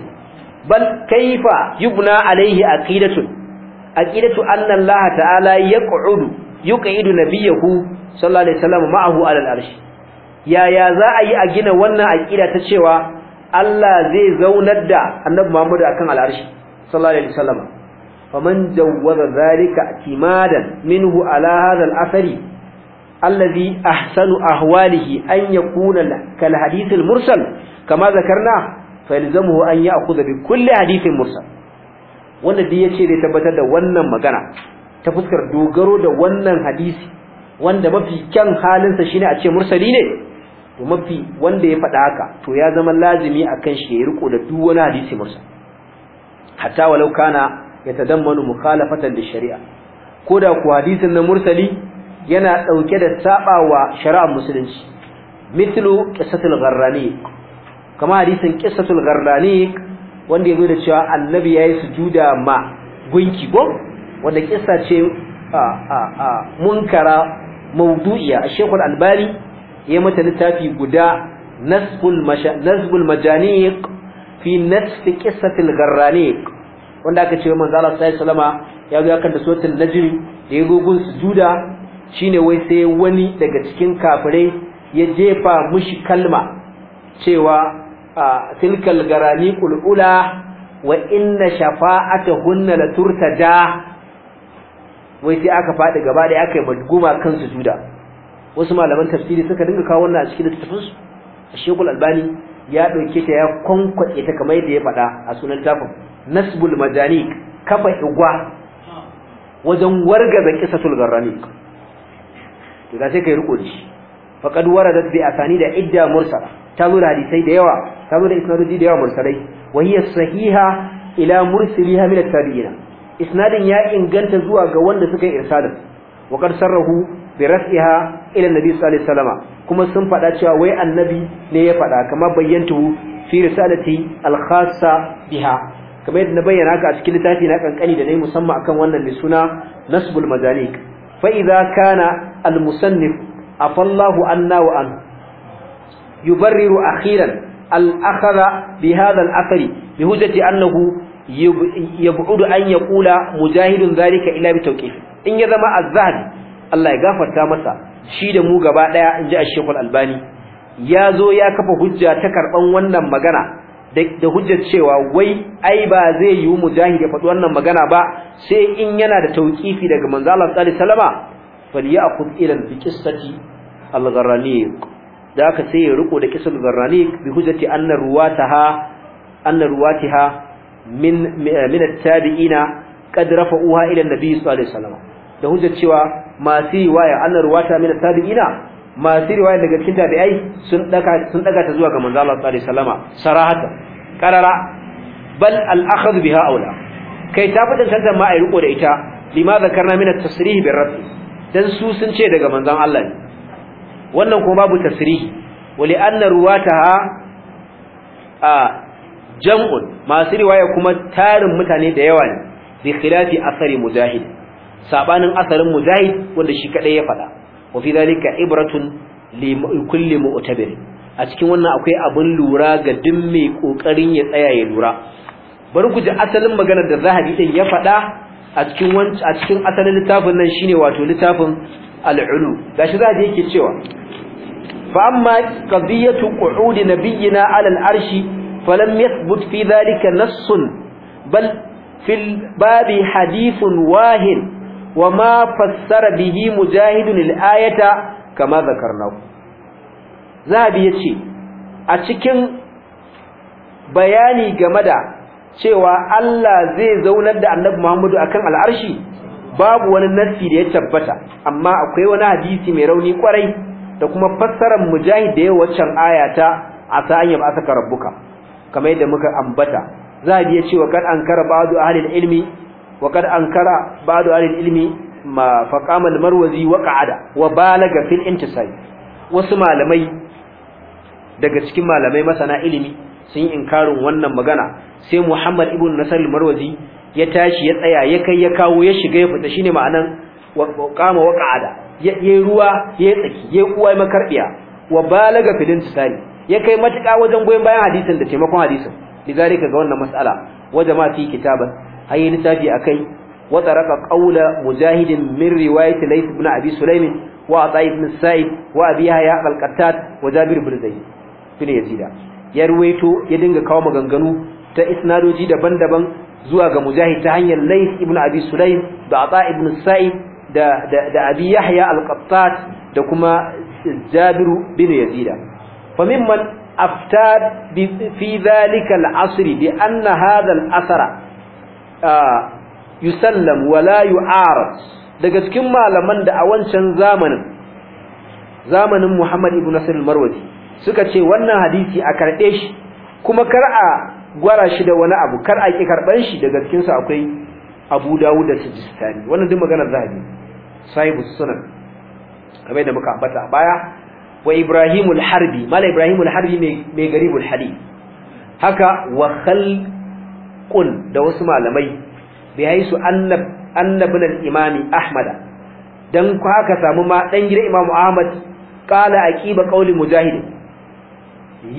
A: bal kaifa yubna alaihi aqidatu aqidatu anna Allah ta'ala yaq'udu yuqidu nabiyahu sallallahu alaihi wasallam ma'ahu alal yaya za a yi a gina wannan aqida ta cewa Allah zai zaunar da Annabi Muhammad akan al'arshi sallallahu alaihi wasallam faman jawwaza zalika timadan minhu ala hadha al-athari alladhi ahsanu ahwalihi an yakuna kal hadith al-mursal kama zakarna falzamuhu an ya'khudha bi kulli hadithin mursal wanda dai yace zai tabbatar da wannan magana ta fuskar dogaro da wannan hadisi wanda mafi kyan halinsa shine a ce mursali ne to mafi wanda ya faɗa haka to ya zama lazimi akan shi ya riko da duk wani hadisi mursal hatta walau kana yatadammanu mukhalafatan Ko da ku hadisin na mursali yana ɗauke da sabawa shari'ar musulunci mitlu qisatul gharrani kama hadisin qisatul gharrani wanda yazo da cewa annabi ya yi sujuda ma gunki ko wanda kissa ce a a a munkara mawdu'iya Sheikhul Albani ya mata littafi guda nasbul nasbul majaniq fi nasfi qissatil gharraniq wanda aka ce manzo Allah sallallahu alaihi ya zo kan da suratul najm da ya gogun sujuda shine wai sai wani daga cikin kafirai ya jefa mushi kalma cewa tilkal gharaniqul ula wa inna shafa'atuhunna la turtaja wai sai aka fadi gaba da aka yi maguma kan juda wasu malaman tafsiri suka dinga kawo wannan a cikin su shekul albani ya dauke ta ya kwankwace ta kamar yadda ya faɗa a sunan tafin nasbul majani kafa igwa wajen wargaza kisatul garrani to da sai kai riko da shi faqad waradat bi asani da idda mursala ta zo da hadisai da yawa ta zo da isnadoji da yawa mursalai wa hiya sahiha ila mursaliha min at-tabi'ina isnadin ya inganta zuwa ga wanda suka yi irsalin wa qad sarrahu bi raf'iha ila annabi sallallahu alaihi wasallam kuma sun faɗa cewa wai annabi ne ya faɗa kama bayyantu fi risalati al-khassa biha kamar yadda na bayyana ka a cikin littafi na kankani da nayi musamman akan wannan mai suna nasbul mazalik fa idza kana al-musannif afallahu anna wa an yubarriru akhiran al-akhadha bi hadha al-athari bi hujjati annahu yab'udu an yaqula mujahidun zalika illa bi tawqif in ya zama azhari Allah ya gafarta masa shi da mu gaba daya inji a Al-Albani ya zo ya kafa hujja ta karban wannan magana da hujjar cewa wai ai ba zai yi mujahid ya faɗi wannan magana ba sai in yana da tawqifi daga manzo Allah sallallahu alaihi wasallama falyakhud ila bi qissati al-gharaniq da aka sai ya riko da al gharaniq bi hujjati anna ruwataha anna ruwatiha min min at-tabi'ina qad rafa'uha ila an-nabi sallallahu alaihi wasallam da hujjar cewa masu riwaya an ruwata min at-tabi'ina masu riwaya daga cikin tabi'ai sun daga sun daga ta zuwa ga manzo Allah sallallahu alaihi wasallama sarahata qarara bal al-akhadh biha aula kai ta fadin tantan ma ai riko da ita lima zakarna min at-tasrih bir rabb dan su sun ce daga manzon Allah ne wannan kuma babu tasrih wa li anna ruwataha a jam'un masu riwaya kuma tarin mutane da yawa ne bi khilafi asari mujahid sabanin asarin mujahid wanda shi kadai ya fada wa fi zalika ibratun li kulli mu'tabir a cikin wannan akwai abin lura ga duk mai kokarin ya tsaya ya lura bari ku asalin maganar da Zahabi din ya fada a cikin a cikin asalin littafin nan shine wato littafin al-ulu gashi Zahabi yake cewa fa amma qadiyatu qu'ud nabiyyina 'ala al-arshi فلم يثبت في ذلك نص بل في الباب حديث واهن وما فسر به مجاهد الآية كما ذكرناه ذهب ya ce a cikin bayani game da cewa Allah zai zaunar da annabi Muhammadu akan al'arshi babu wani nassi da ya tabbata amma akwai wani hadisi mai rauni kwarai da kuma fassarar mujahid da yawa waccan ayata a ya ayyab asaka rabbuka kamar yadda muka ambata za a ce cewa kad ankara ba'du ahli ilmi wa kad ankara ba'du ahli ilmi ma faqama al-marwazi wa qa'ada wa balaga fil intisai wasu malamai daga cikin malamai masana ilimi sun yi inkarin wannan magana sai Muhammad ibn Nasr al-Marwazi ya tashi ya tsaya ya kai ya kawo ya shiga ya fita shine ma'anan qama wa qa'ada yi ruwa ya tsaki ya kuwa makarbiya wa balaga filin tsari ya kai matuƙa wajen goyon bayan hadisin da taimakon hadisin ka ga wannan mas'ala wa jama'a fi kitaban hayi littafi akai wa taraka qawla mujahidin min riwayat laifin ibn abi sulaym wa ibn sa'id wa abi yahya al-qattat wa jabir ibn zayd yazida ya ruwaito ya dinga kawo maganganu ta isnadoji daban-daban zuwa ga mujahid ta hanyar lays ibn abi sulaym da atay ibn sa'id da abi yahya al-qattat da kuma jabir bin yazida فممن أفتاد في ذلك العصر بأن هذا الأثر يسلم ولا يعارض daga cikin malaman da a wancan zamanin zamanin Muhammad ibn Nasir al-Marwazi suka ce wannan hadisi a karɓe shi kuma kar a gwara shi da wani abu kar a ki karban shi daga cikin sa akwai Abu Dawud da Sijistani wannan duk maganar zahabi sahibus sunan kamar da muka ambata a baya wa Ibrahim harbi mala Ibrahim harbi mai garibul hadith haka wa khalqun da wasu malamai bai haisu annab annabul imami Ahmad dan ku haka samu ma dan gidan imamu Ahmad a aqiba qawli mujahid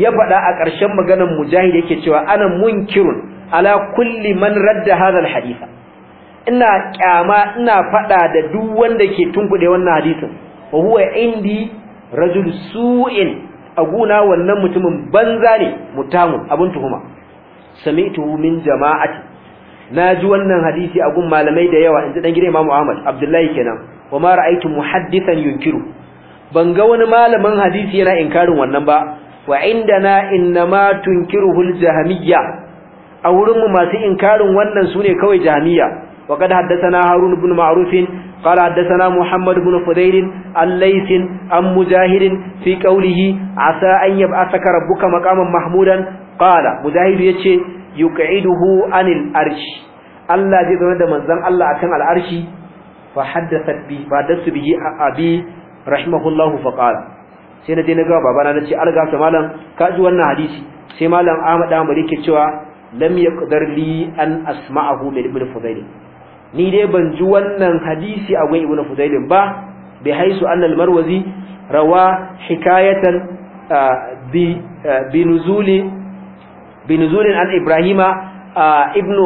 A: ya faɗa a ƙarshen maganar mujahid yake cewa ana munkirun ala kulli man radda hadha al ina kyama ina faɗa da duk wanda ke tunkuɗe wannan hadisin wa huwa indi rajul su'in aguna wannan mutumin banza ne mutamun abun tuhuma sami'tu min jama'ati naji wannan hadisi a gun malamai da yawa inda dan gidan Imam Ahmad Abdullahi kenan wa ma ra'aytu muhaddisan yunkiru ban ga wani malamin hadisi yana inkarin wannan ba wa indana innama tunkiruhu al-jahmiyya a wurin mu masu inkarin wannan sune kawai jahmiyya wa haddasa haddathana harun ibn ma'ruf قال حدثنا محمد بن فديل عن ليث عن مجاهد في قوله عسى أن يبعثك ربك مقاما محمودا قال مجاهد يتشي يقعده عن الأرش الله زي زمان منزل الله أكن الأرش فحدثت به فحدثت به أبي رحمه الله فقال sai na je na ga babana na ce algasa malam ka ji wannan hadisi sai malam Ahmad Ahmad yake cewa lam yaqdar li an asma'ahu min ibn Fudayl ni dai ban ji wannan hadisi a gun ibn fudailin ba Bai haisu annal marwazi rawa hikayatan bi nuzuli bi an ibrahima ابن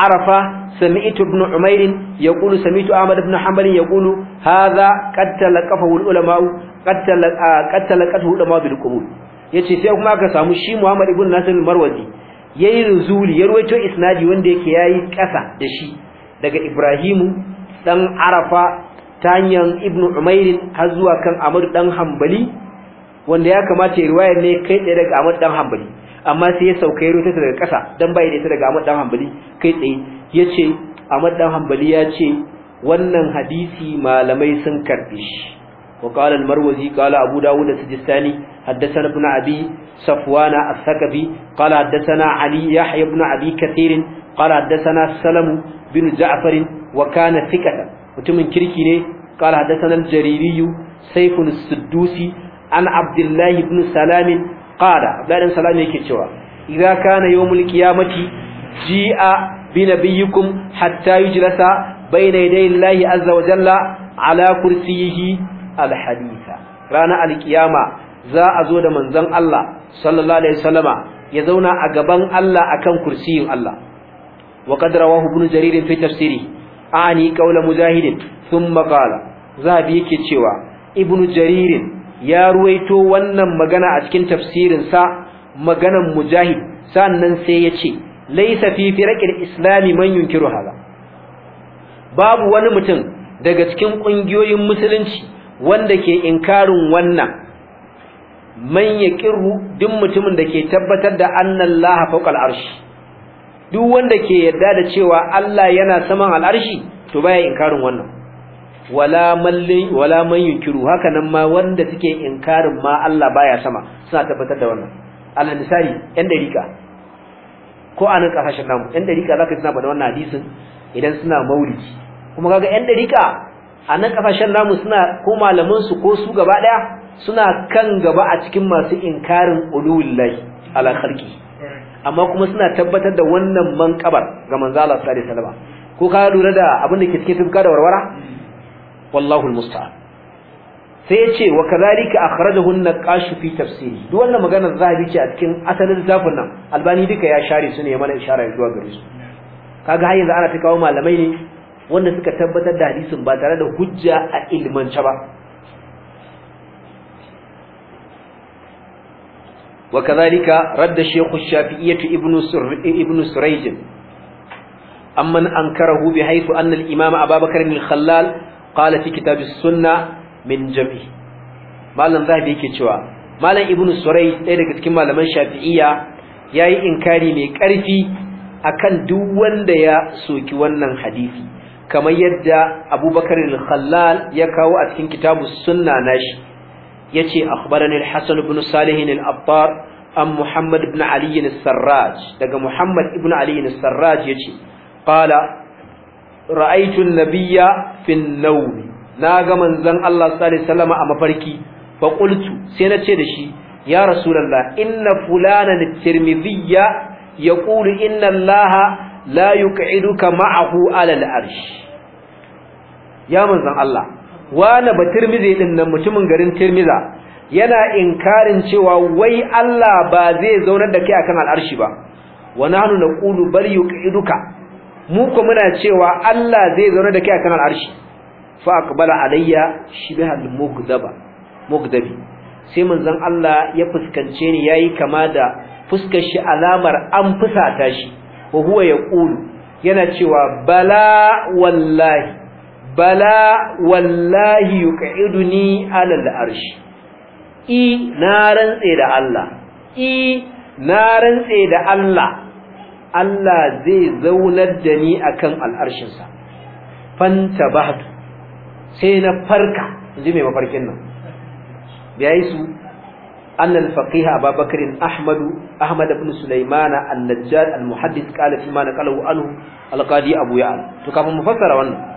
A: عرفة سمعت ابن عمير يقول سمعت أحمد بن حنبل يقول هذا قد تلقفه العلماء قد قد العلماء بالقبول yace sai kuma aka samu shi Muhammad ibn Nasir marwazi yayi nuzuli ya ruwaito isnadi wanda yake yayi kasa da shi daga Ibrahimu dan Arafa ta hanyar Ibn Umair har zuwa kan Amr dan Hanbali wanda ya kamata riwayar ne kai tsaye daga Amr dan Hanbali amma sai ya saukai ruta daga kasa dan bai da ita daga Amr dan Hanbali kai tsaye yace Amr dan Hanbali ya ce wannan hadisi malamai sun karbi shi وقال المروزي قال أبو داود السجستاني حدثنا ابن أبي صفوان الثقفي قال حدثنا علي يحيى بن أبي كثير قال حدثنا bin ja'farin wa kana thiqatan mutumin kirki ne qala hadathana al-jariri sayfun as-siddusi an abdullahi ibn salam qala abdullahi salam yake cewa idza kana yawmul qiyamati ji'a bi nabiyyikum hatta yujlasa bayna yaday llahi azza wa jalla ala kursiyihi al-haditha rana al-qiyama za a zo da manzon Allah sallallahu alaihi wasallama ya zauna a gaban Allah akan kursiyin Allah وقد رواه ابن جرير في تفسيره أعني قول مجاهد ثم قال ذهب يكي كتشوا ابن جرير يا رويتو ونن مغانا اتكين تفسير سا مغانا مجاهد سا ننسي ننسيتي ليس في فرق الإسلام من ينكر هذا باب ونمتن daga cikin ƙungiyoyin musulunci wanda ke inkarin wannan man yaqiru duk mutumin da ke tabbatar da annallaha fawqal arshi duk wanda ke yarda da cewa Allah yana saman al'arshi to baya inkarin wannan wala mallin wala man yukiru haka nan ma wanda suke inkarin ma Allah baya sama suna tabbatar da wannan alal misali yan dariƙa ko a nan kasashen namu yan dariƙa zaka suna bada wannan hadisin idan suna maulidi kuma kaga yan dariƙa a nan kasashen namu suna ko malaman su ko su gaba daya suna kan gaba a cikin masu inkarin uluwillahi ala khalqi amma kuma suna tabbatar da wannan manƙabar ga manzo Allah sallallahu alaihi wasallam ko ka lura da abin da ke cikin tufka da warwara wallahu almusta'an sai ya ce wa kadhalika akhrajahu an-naqash fi tafsiri duk wannan maganar zahabi ce a cikin asalin zafin nan albani duka ya share su ne ya mana isharar zuwa gare su kaga har yanzu ana ta kawo malamai ne wanda suka tabbatar da hadisin ba tare da hujja a ilmance ba وكذلك رد الشيخ الشافعية ابن سر ابن سريج أمن أنكره بحيث أن الإمام أبا بكر الخلال قال في كتاب السنة من جمعه مالا ذهبي كتوا مالا ابن سريج إذا كما لمن شافعية yayi inkari mai ƙarfi akan duk wanda ya soki wannan hadisi kamar yadda Abubakar al-Khallal ya kawo a cikin kitabus sunna nashi yace akhbarani al-hasan ibn salih al-abbar an muhammad ibn ali al-sarraj daga muhammad ibn ali al-sarraj yace qala ra'aytu an-nabiyya fi an-nawm naga manzon Allah sallallahu alaihi wasallam a mafarki fa qultu sai nace da shi ya rasulullah inna fulana at-tirmidhiyya yaqulu inna allaha la yuq'iduka ma'ahu 'ala al-arsh ya manzon Allah wani ba tirmizi din nan mutumin garin tirmiza yana inkarin cewa wai Allah ba zai zaunar da kai akan al'arshi ba wa nahnu naqulu bal yuqiduka mu ko muna cewa Allah zai zaunar da kai akan al'arshi fa aqbala alayya shibha al-mughdaba mughdabi sai manzon Allah ya fuskance ni yayi kama da fuskar shi alamar an fusata shi wa huwa yaqulu yana cewa bala wallahi bala wallahi yuqiduni ala al-arshi i na rantse da Allah i na rantse da Allah Allah zai zaunar da ni akan al-arshin sa fantabahd sai na farka ji mai mafarkin nan bayi su anna a faqih ababakr ahmad ahmad ibn sulaiman an-najjar al-muhaddith qala fi ma naqalahu anhu al-qadi abu ya'la to kafin mu fassara wannan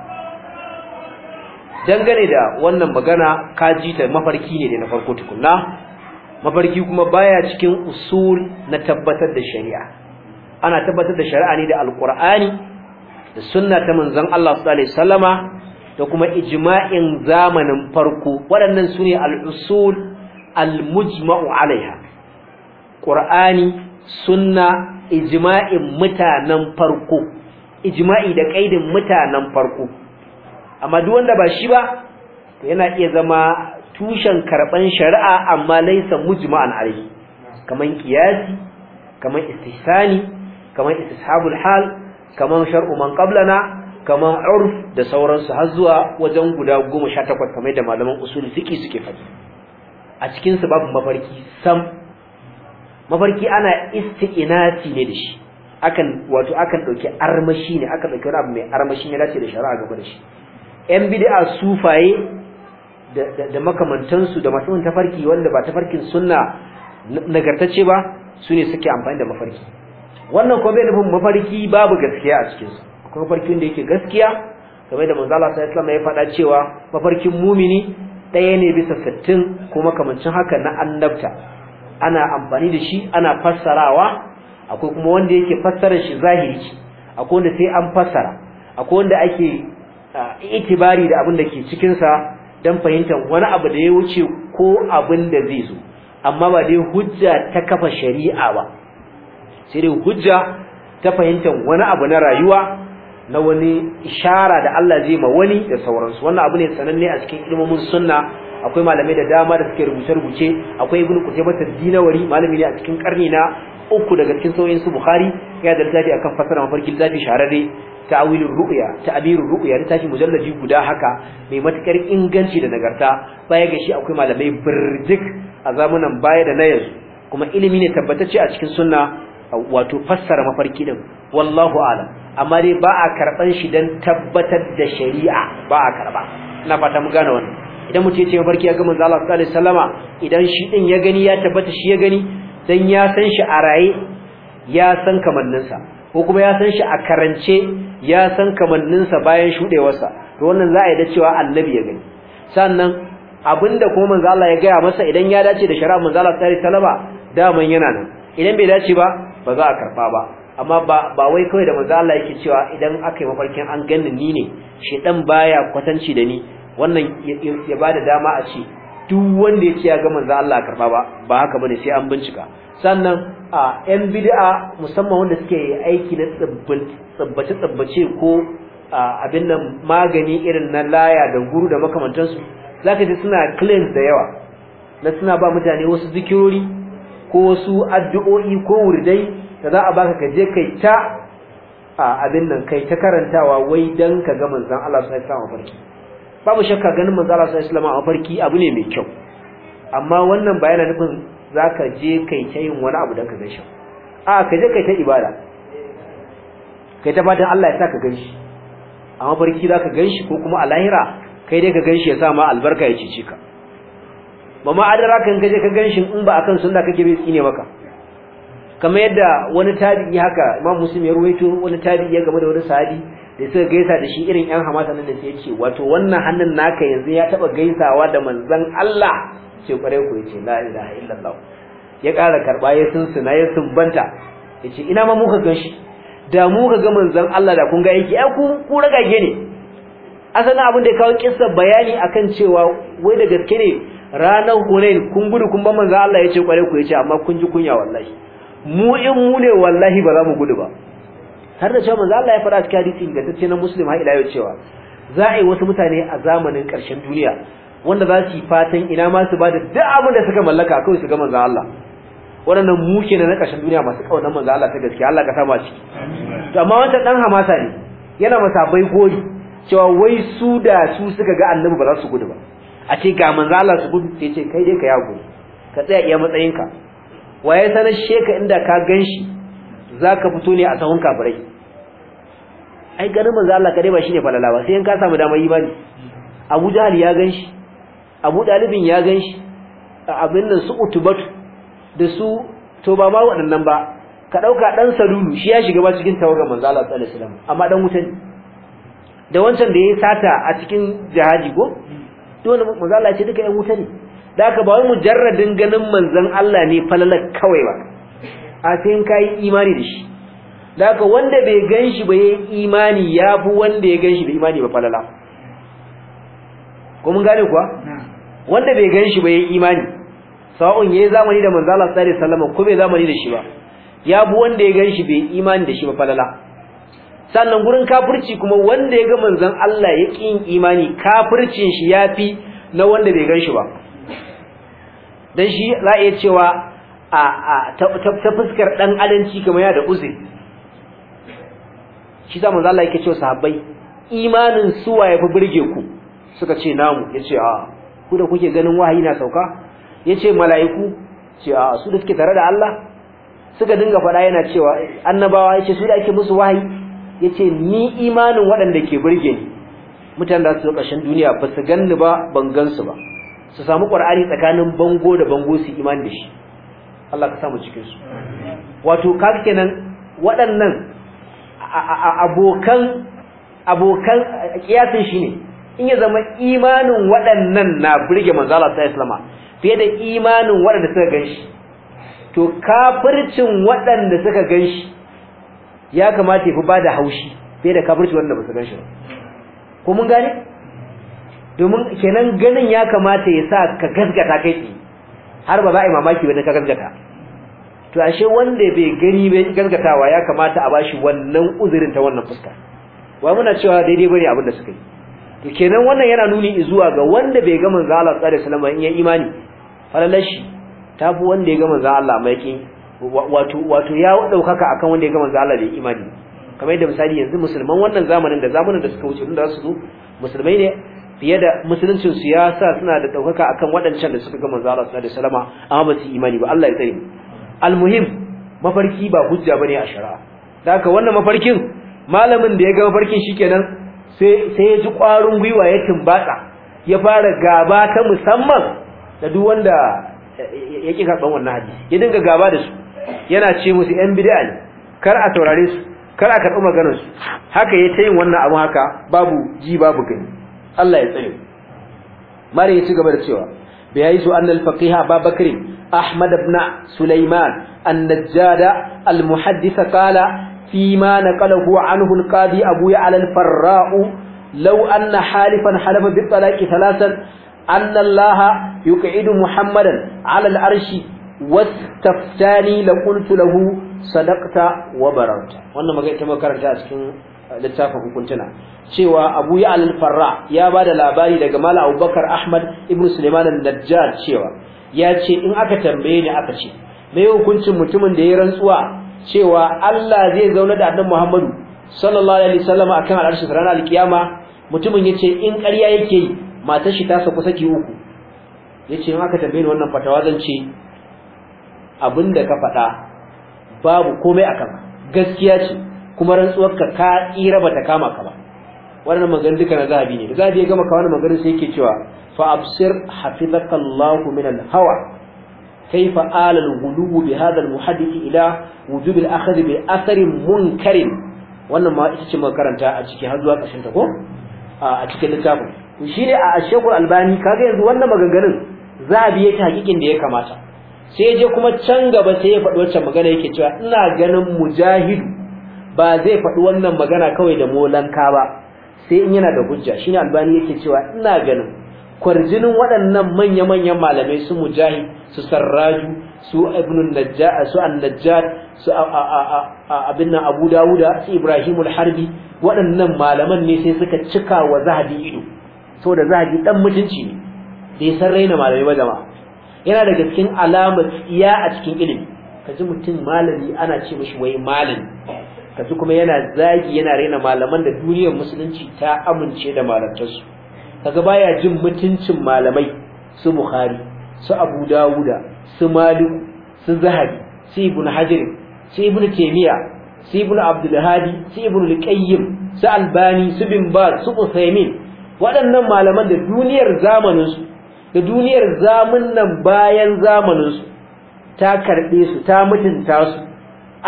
A: dangane da wannan magana kaji ta mafarki ne da na farko tukunna mafarki kuma baya cikin usul na tabbatar da shari'a ana tabbatar da shari'a ne da alqur'ani da sunna ta manzon Allah sallallahu alaihi wasallama da kuma ijma'in zamanin farko waɗannan sune al-usul al-mujma'u alaiha qur'ani sunna ijma'in mutanen farko ijma'i da kaidin mutanen farko amma duk wanda ba shi ba to yana iya zama tushen karban shari'a amma laisa mujma'an alayhi kaman qiyasi kaman istihsani kaman istishabul hal kaman shar'u man qablana kaman urf da sauransu har zuwa wajen guda 18 kamar da malaman usul fiqi suke faɗi a cikin su babu mafarki sam mafarki ana istiqinati ne da shi akan wato akan dauki armashi ne akan dauki wani abu mai armashi ne da shari'a gaba da shi yan bid'a sufaye da makamantansu da masu tafarki wanda ba tafarkin sunna nagartacce ba su ne suke amfani da mafarki wannan kuma bai nufin mafarki babu gaskiya a cikinsu akwai mafarkin da yake gaskiya game da manzala Allah sallallahu ya faɗa cewa mafarkin mumini ɗaya ne bisa sittin ko makamancin haka na annabta ana amfani da shi ana fassarawa akwai kuma wanda yake fassarar shi zahiri akwai wanda sai an fassara akwai wanda ake itibari da abin da ke cikinsa don fahimtar wani abu da ya wuce ko abin da zai zo amma ba dai hujja ta kafa shari'a ba sai dai hujja ta fahimtar wani abu na rayuwa na wani ishara da Allah zai ma wani da sauransu wannan abu ne sananne a cikin ilmomin sunna akwai malamai da dama da suke rubuce-rubuce akwai ibnu kutayba dinawari malami ne a cikin karni na uku daga cikin sauyin su bukhari ya da littafi akan fasara mafarkin zafi shahararre ta'awilur ru'ya ta'birur ru'ya ta tashi mujallaji guda haka mai matukar inganci da nagarta baya ga shi akwai malamai birdik a zamanan baya da na yanzu kuma ilimi ne tabbatacce a cikin sunna wato fassara mafarki din wallahu alam amma dai ba a karban shi dan tabbatar da shari'a ba a karba ina fata mu gane wannan idan mutum ya ce mafarki ya ga manzo Allah sallallahu alaihi wasallama idan shi din ya gani ya tabbata shi ya gani dan ya san shi a raye ya san kamanninsa ko kuma ya san shi a karance ya san kamanninsa bayan shudewarsa to wannan za a yi da cewa annabi ya gani sannan abinda kuma manzo Allah ya gaya masa idan ya dace da shari'a manzo Allah sai talaba, da daman yana nan idan bai dace ba ba za a karfa ba amma ba ba wai kawai da manzo Allah yake cewa idan aka yi mafarkin an ganni ni ne shi dan baya kwatanci da ni wannan ya bada dama a ce duk wanda ya ce ya ga manzo Allah karfa ba ba haka bane sai an bincika sannan a yan bid'a musamman wanda suke aiki na tsabbace tsabbace ko abin nan magani irin na laya da guru da makamantansu za ka ji suna claims da yawa na suna ba mutane wasu zikirori ko wasu addu'o'i ko wurdai da za a baka ka je kai ta abin nan kai ta karantawa wai dan ka ga manzon Allah sallallahu alaihi mafarki. babu shakka ganin manzon Allah sallallahu alaihi mafarki abu ne mai kyau amma wannan ba nufin zaka je kai ta yin wani abu dan ka ganshi a ka je kai ta ibada kai ta fatan Allah ya sa ka ganshi amma barki zaka ganshi ko kuma a lahira kai dai ka ganshi ya sa ma albarka ya cici ka ba ma adara kan ka je ka ganshi in ba akan sunna kake bai tsine maka kamar yadda wani tabi'i haka Imam Muslim ya ruwaito wani tabi'i ya game da wani sahabi da suka gaisa da shi irin yan hamasa nan da sai ce wato wannan hannun naka yanzu ya taba gaisawa da manzon Allah ce kware ku yace la ilaha illallah ya ƙara karba ya sunsuna ya sumbanta yace ina ma muka gan shi da mu ga manzon Allah da kun ga yake ai ku ku ragage ne asalin abin da ya kawo kissa bayani akan cewa wai da gaske ne ranar Hunain kun gudu kun ba manzon Allah yace kware ku yace amma kun ji kunya wallahi mu in mu ne wallahi ba za mu gudu ba har da cewa manzon Allah ya fara cikin hadisi ingantacce na Muslim har ila yau cewa za a yi wasu mutane a zamanin ƙarshen duniya wanda za su yi fatan ina ma su ba da duk abin da suka mallaka kawai su ga manzo Allah waɗannan muke na ƙarshen duniya masu ƙaunar manzo Allah ta gaske. Allah ka sa ma ciki to amma wancan dan hamasa ne yana masabai gori cewa wai su da su suka ga annabi ba za su gudu ba a ce ga manzo Allah su gudu sai ce kai dai ka yago ka tsaya iya matsayinka waye sanar sheka inda ka ganshi zaka fito ne a sahun kafirai ai ganin manzo Allah ka dai ba shine falala ba sai in ka samu damar yi imani Abu Jahal ya ganshi abu dalibin ya gan shi abin nan su utubatu da su to ba ma waɗannan ba ka ɗauka ɗan salulu shi ya shiga ba cikin tawagar manzo Allah sallallahu alaihi wasallam amma ɗan wuta da wancan da ya sata a cikin jahaji ko dole manzo Allah ce duka ɗan wuta ne da haka ba wai mujarradin ganin manzon Allah ne falalar kawai ba a cikin kai imani da shi da haka wanda bai ganshi ba yayi imani ya yafi wanda ya ganshi da imani ba falala ko mun gane kuwa wanda bai gan shi ba yayi imani sawa'un yayi zamani da manzo Allah sallallahu alaihi wasallam ko bai zamani da shi ba ya bu wanda ya gan shi bai imani da shi ba falala sannan gurin kafirci kuma wanda ya ga manzon Allah ya yin imani kafircin shi yafi na wanda bai gan shi ba dan shi za a iya cewa a ta fuskar dan adanci kamar ya da uzuri shi da manzo Allah yake cewa sahabbai imanin suwa fi burge ku suka ce namu yace a ku da kuke ganin wahayi na sauka yace mala'iku ce a su da suke tare da Allah suka dinga fada yana cewa annabawa yace su da ake musu wahayi yace ni imanin waɗanda ke burge ni mutanen da su zo ƙarshen duniya ba su ganni ba ban gansu ba su samu qur'ani tsakanin bango da bango su imani da shi Allah ka samu cikin su wato kaga kenan waɗannan abokan abokan kiyasin shi ne in ya zama imanin waɗannan na burge manzala ta islama fiye da imanin waɗanda suka ganshi to kafircin waɗanda suka ganshi ya kamata ya fi ba da haushi fiye da kafircin waɗanda ba su ganshi ba ko mun gane domin kenan ganin ya kamata ya sa ka gasgata kai har ba za a yi mamaki ba ka gasgata to ashe wanda bai gani bai gasgatawa ya kamata a bashi wannan uzurin ta wannan fuska wa muna cewa daidai bane abin da suka yi to kenan wannan yana nuni zuwa ga wanda bai ga manzo Allah sallallahu alaihi wasallam in ya imani falalashi tafi wanda ya ga manzo Allah mai kin wato wato ya daukaka akan wanda ya ga manzo Allah da imani kamar yadda misali yanzu musulman wannan zamanin da zamanin da suka wuce za su zo musulmai ne fiye da musuluncin su ya sa suna da daukaka akan waɗancan da suka ga manzo Allah sallallahu alaihi wasallam amma ba su imani ba Allah ya tsare mu almuhim mafarki ba hujja bane a shari'a da haka wannan mafarkin malamin da ya ga mafarkin shikenan sai ya ji ƙwarin gwiwa ya tumbatsa ya fara gaba ta musamman da duk wanda ya ƙi karɓar wannan hadisi ya dinga gaba da su yana ce musu ‘yan bid'a ne kar a taurare su kar a karɓi maganar su haka ya ta yin wannan abu haka babu ji babu gani Allah ya tsare mare ya ci gaba da cewa bai yi su annal faqiha babakrin ahmad ibn sulaiman an-najjada al muhaddisa qala فيما نقله عنه القاضي أبو يعلى الفراء لو أن حالفا حلف بالطلاق ثلاثا أن الله يقعد محمدا على العرش واستفتاني لقلت له صدقت وبررت wannan magana ta makaranta a cikin littafin hukuntuna cewa Abu Ya'al al-Farra ya bada labari daga Malam Abubakar Ahmad Ibn Sulaiman al-Najjar cewa ya ce in aka tambaye ni aka ce me hukuncin mutumin da ya rantsuwa cewa Allah zai zauna da annabi Muhammadu sallallahu alaihi wasallam akan al'arshi ranar alkiyama mutumin yace in ƙarya yake yi matar shi ta saku saki uku yace in aka tambaye ni wannan fatawa zan ce abinda ka faɗa babu komai akan gaskiya ce kuma rantsuwar ka ka tsira bata kama ka ba wannan magana duka na zahabi ne zahabi ya gama ka wannan magana sai yake cewa fa absir Allahu min al-hawa كيف آل الغلو بهذا المحدث إلى وجوب الأخذ بأثر منكر wannan ma ita ce muka a ciki har zuwa ƙarshen ta ko a cikin littafin shi ne a shekul albani kaga yanzu wannan maganganun za a biya ta hakikinda ya kamata sai je kuma can gaba sai ya faɗi wacce magana yake cewa ina ganin mujahidu ba zai faɗi wannan magana kawai da molanka ba sai in yana da hujja shine albani yake cewa ina ganin kwarjinin waɗannan manya-manyan malamai su mujahid su sarraju su ibn najjar su an su abin nan abu dawuda su ibrahimul harbi waɗannan malaman ne sai suka cika wa zahabi ido saboda zahabi dan mutunci ne ya san raina malamai ba jama'a yana daga cikin alamar tsiya a cikin ilimi kaji mutum malami ana ce mishi wai malami kaji kuma yana zagi yana raina malaman da duniyar musulunci ta amince da malantarsu kaga baya jin mutuncin malamai su bukhari su abu dawuda su malik su zahabi su ibn hajar su ibn taymiya su ibn abdul hadi su ibn al su albani su bin baz su usaymin waɗannan malaman da duniyar zamanin su da duniyar zamanin bayan zamanin su ta karbe su ta mutunta su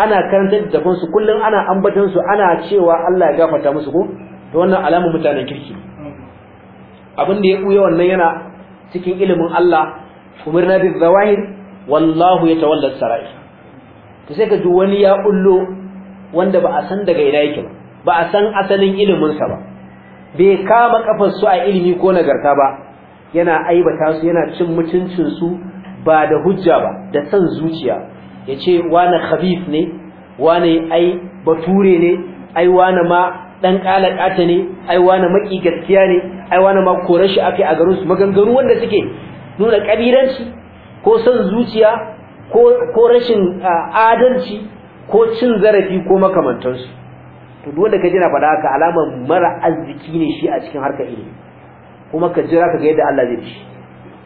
A: ana karanta da su kullum ana ambatansu, ana cewa Allah ya gafarta musu ko Da wannan alamun mutanen kirki abin da ya buya wannan yana cikin ilimin Allah na bil zawahir wallahu yatawalla sarai to sai ka ji wani ya bullo wanda ba a san daga ina yake ba ba a san asalin ilimin sa ba bai kama kafar a ilimi ko nagarta ba yana aibata su yana cin mutuncin su ba da hujja ba da san zuciya yace wani khabith ne wani ai bature ne ai wani ma dan kala kata ne ai wani maki gaskiya ne ai wani ma kore shi akai a garin su maganganu wanda suke nuna kabilanci ko son zuciya ko ko rashin adalci ko cin zarafi ko makamantansu to duk wanda ka jira ka haka alamar mara arziki ne shi a cikin harkar ilimi kuma ka jira ka ga yadda Allah zai ci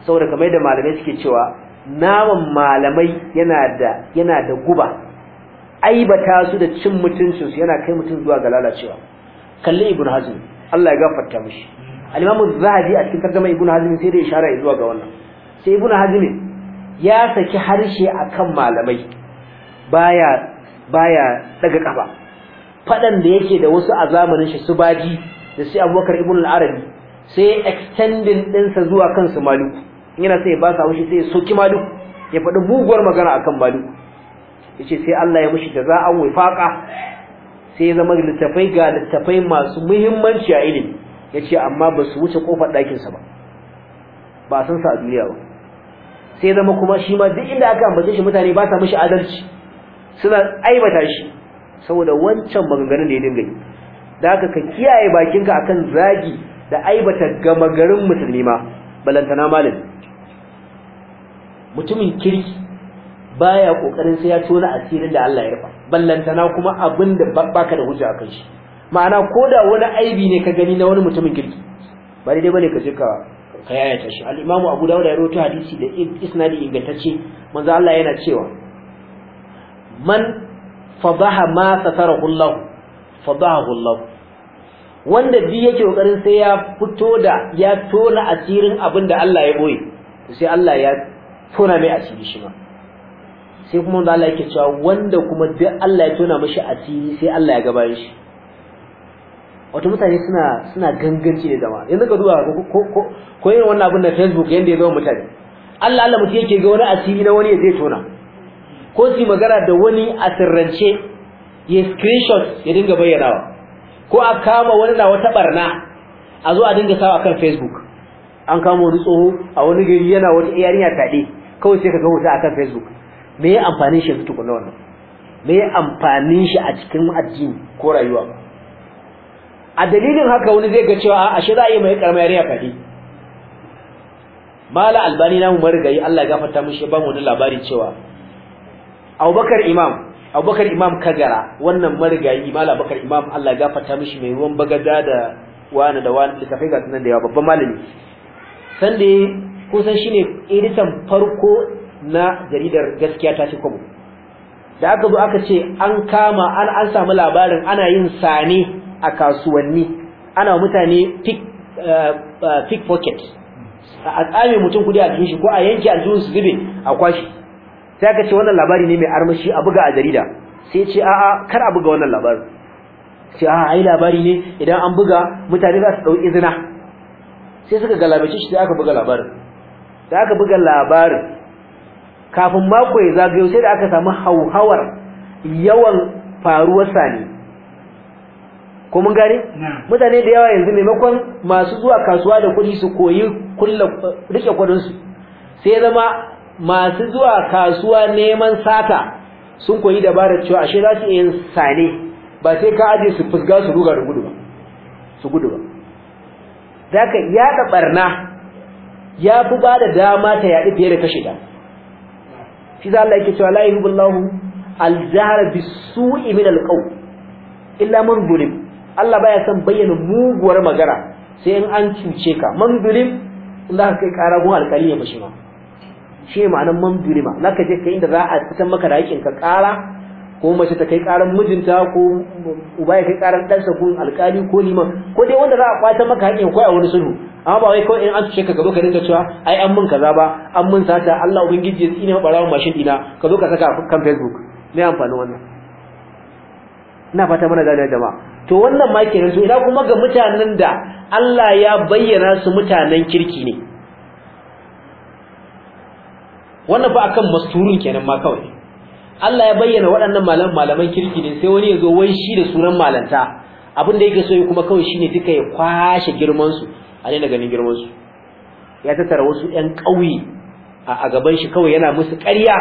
A: saboda kamar yadda malamai suke cewa naman malamai yana da yana da guba aibata su da cin mutuncinsu yana kai mutum zuwa ga lalacewa kalli ibn hazm Allah ya gafarta mishi al-imam az-zahabi a cikin tarjuma ibn hazm sai da isharar zuwa ga wannan sai ibn hazm ya saki harshe akan malamai baya baya daga kafa fadan da yake da wasu a zamanin su subaji da sai abubakar ibn al-arabi sai extending dinsa zuwa kansu maluku yana sai ba sa wushi sai soki maluku ya faɗi buguwar magana akan maluku yace sai Allah ya mushi za'an wifaqa sai ya zama littafai ga littafai masu muhimmanci a ilimi yace amma ba su wuce kofar ɗakin sa ba ba san sa a duniya ba sai zama kuma shi ma duk inda aka ambace shi mutane ba sa mishi adalci suna aibata shi saboda wancan maganganun da ya dinga yi da haka ka kiyaye bakinka akan zagi da aibata gama magarin musulmi ma balantana malin mutumin kirki baya kokarin sai ya tona asirin da Allah ya rufa ballantana kuma abin da baka da hujja akan shi ma'ana ko da wani aibi ne ka gani na wani mutumin kirki ba dai bane ka je ka ka yayata shi al-Imam Abu Dawud ya rawaito hadisi da isnadi ingantacce manzo Allah yana cewa man fadaha ma satarahu Allah fadahu Allah wanda bi yake kokarin sai ya fito da ya tona asirin abin da Allah ya boye sai Allah ya tona mai asiri shi ma sai kuma wanda Allah yake cewa wanda kuma duk Allah ya tona mashi asiri sai Allah ya gabayar shi wato mutane suna suna ganganci da zama yanzu ka duba ko ko ko yin wannan abin na Facebook yanda ya zama mutane Allah Allah mutum yake ga wani asiri na wani ya zai tona ko su magana da wani a sirrance ya screenshot ya dinga bayyanawa ko a kama wani na wata barna a zo a dinga sawa akan Facebook an kama wani tsoho a wani gari yana wata yarinya tade kawai sai ka ga hoto akan Facebook me ya amfani shi yanzu tukuna wannan me ya amfani shi a cikin addini ko rayuwa a dalilin haka wani zai ga cewa ashe shi a yi mai karamar yariya fadi mala albani na umar Allah ya gafarta mishi ba mu wani labari cewa Abubakar Imam Abubakar Imam Kagara wannan marigayi mala Abubakar Imam Allah ya gafarta mishi mai ruwan bagada da wani da wani kafai ga sunan da yawa babban malami sanda kusan shine editan farko na jaridar gaskiya ta ci kwabo da aka zo aka ce an kama an an samu labarin ana yin sane a kasuwanni ana mutane eh, eh, pick pocket a tsame mutum kudi a cikin shi ko a yanke aljihun su zube a kwashi sai aka ce wannan labari ne mai armashi a buga a jarida sai ce a'a kar a buga wannan labarin sai a'a ai labari ne idan an buga mutane za su dau izina sai suka galabace shi sai aka buga labarin da aka buga labarin kafin mako ya zagayo sai da aka samu hauhawar yawan faruwar sani ko mun gane mutane da yawa yanzu maimakon masu zuwa kasuwa da kuɗi su koyi kulla rike kudin su sai zama masu zuwa kasuwa neman sata sun koyi dabarar cewa ashe za su iya yin sane ba sai ka aje su fusga su ruga da gudu ba su gudu ba zaka yaɗa barna ya fi ba da dama ta yaɗi fiye da kashe ɗan shi za Allah yake cewa la yuhibbu al-jahra bis-su'i min al-qawl illa man zulim Allah baya son bayyana muguwar magara. sai in an cuce ka man zulim za ka kai ƙara gun alƙali ya bashi ma shi ma'anar man zulima Na ka je ka inda za a fitan maka da haƙƙin ka ƙara ko mace ta kai ƙaran mijinta ko uba ya kai ƙaran ɗansa ko alƙali ko liman ko dai wanda za a kwata maka haƙƙin ko a wani sulhu amma ba wai kawai in an tushe ka gaba ka rinka cewa ai an mun kaza ba an mun sata Allah ubangiji ya tsine barawon mashin dina ka zo ka saka kan Facebook me amfani wannan ina fata mana gane jama'a to wannan ma kenan to idan kuma ga mutanen da Allah ya bayyana su mutanen kirki ne wannan ba akan masturun kenan ma kawai Allah ya bayyana waɗannan malaman malaman kirki ne sai wani ya zo wai shi da sunan malanta abin da yake so kuma kawai shine duka ya kwashe girman su a daina ganin girman su ya tattara wasu ƴan ƙauye a gaban shi kawai yana musu ƙarya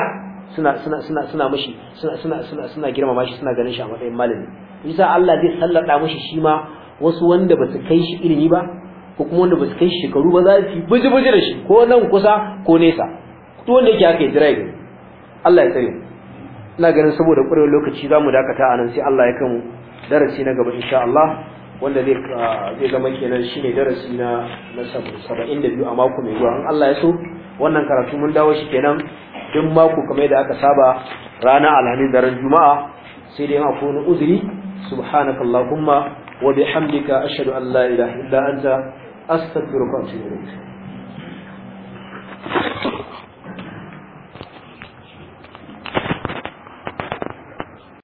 A: suna suna suna suna mishi suna suna suna suna girmama shi suna ganin shi a matsayin malami yasa Allah zai sallada mishi shi ma wasu wanda ba su kai shi ilimi ba ko kuma wanda ba su kai shi shekaru ba za su yi buji buji da shi ko nan kusa ko nesa duk wanda yake haka ya jira ya Allah ya tsare ina ganin saboda ƙwarewar lokaci za mu dakata a nan sai Allah ya kan darasi na gaba insha Allah wanda ah, zai zama kenan shine darasi na na 72 a mako mai zuwa in Allah ya so wannan karatu mun dawo shi kenan duk mako kamar yadda aka saba rana alhamis daren juma'a sai dai mako na uzuri subhanaka allahumma wa bihamdika ashhadu an la ilaha illa anta astaghfiruka wa atubu ilayk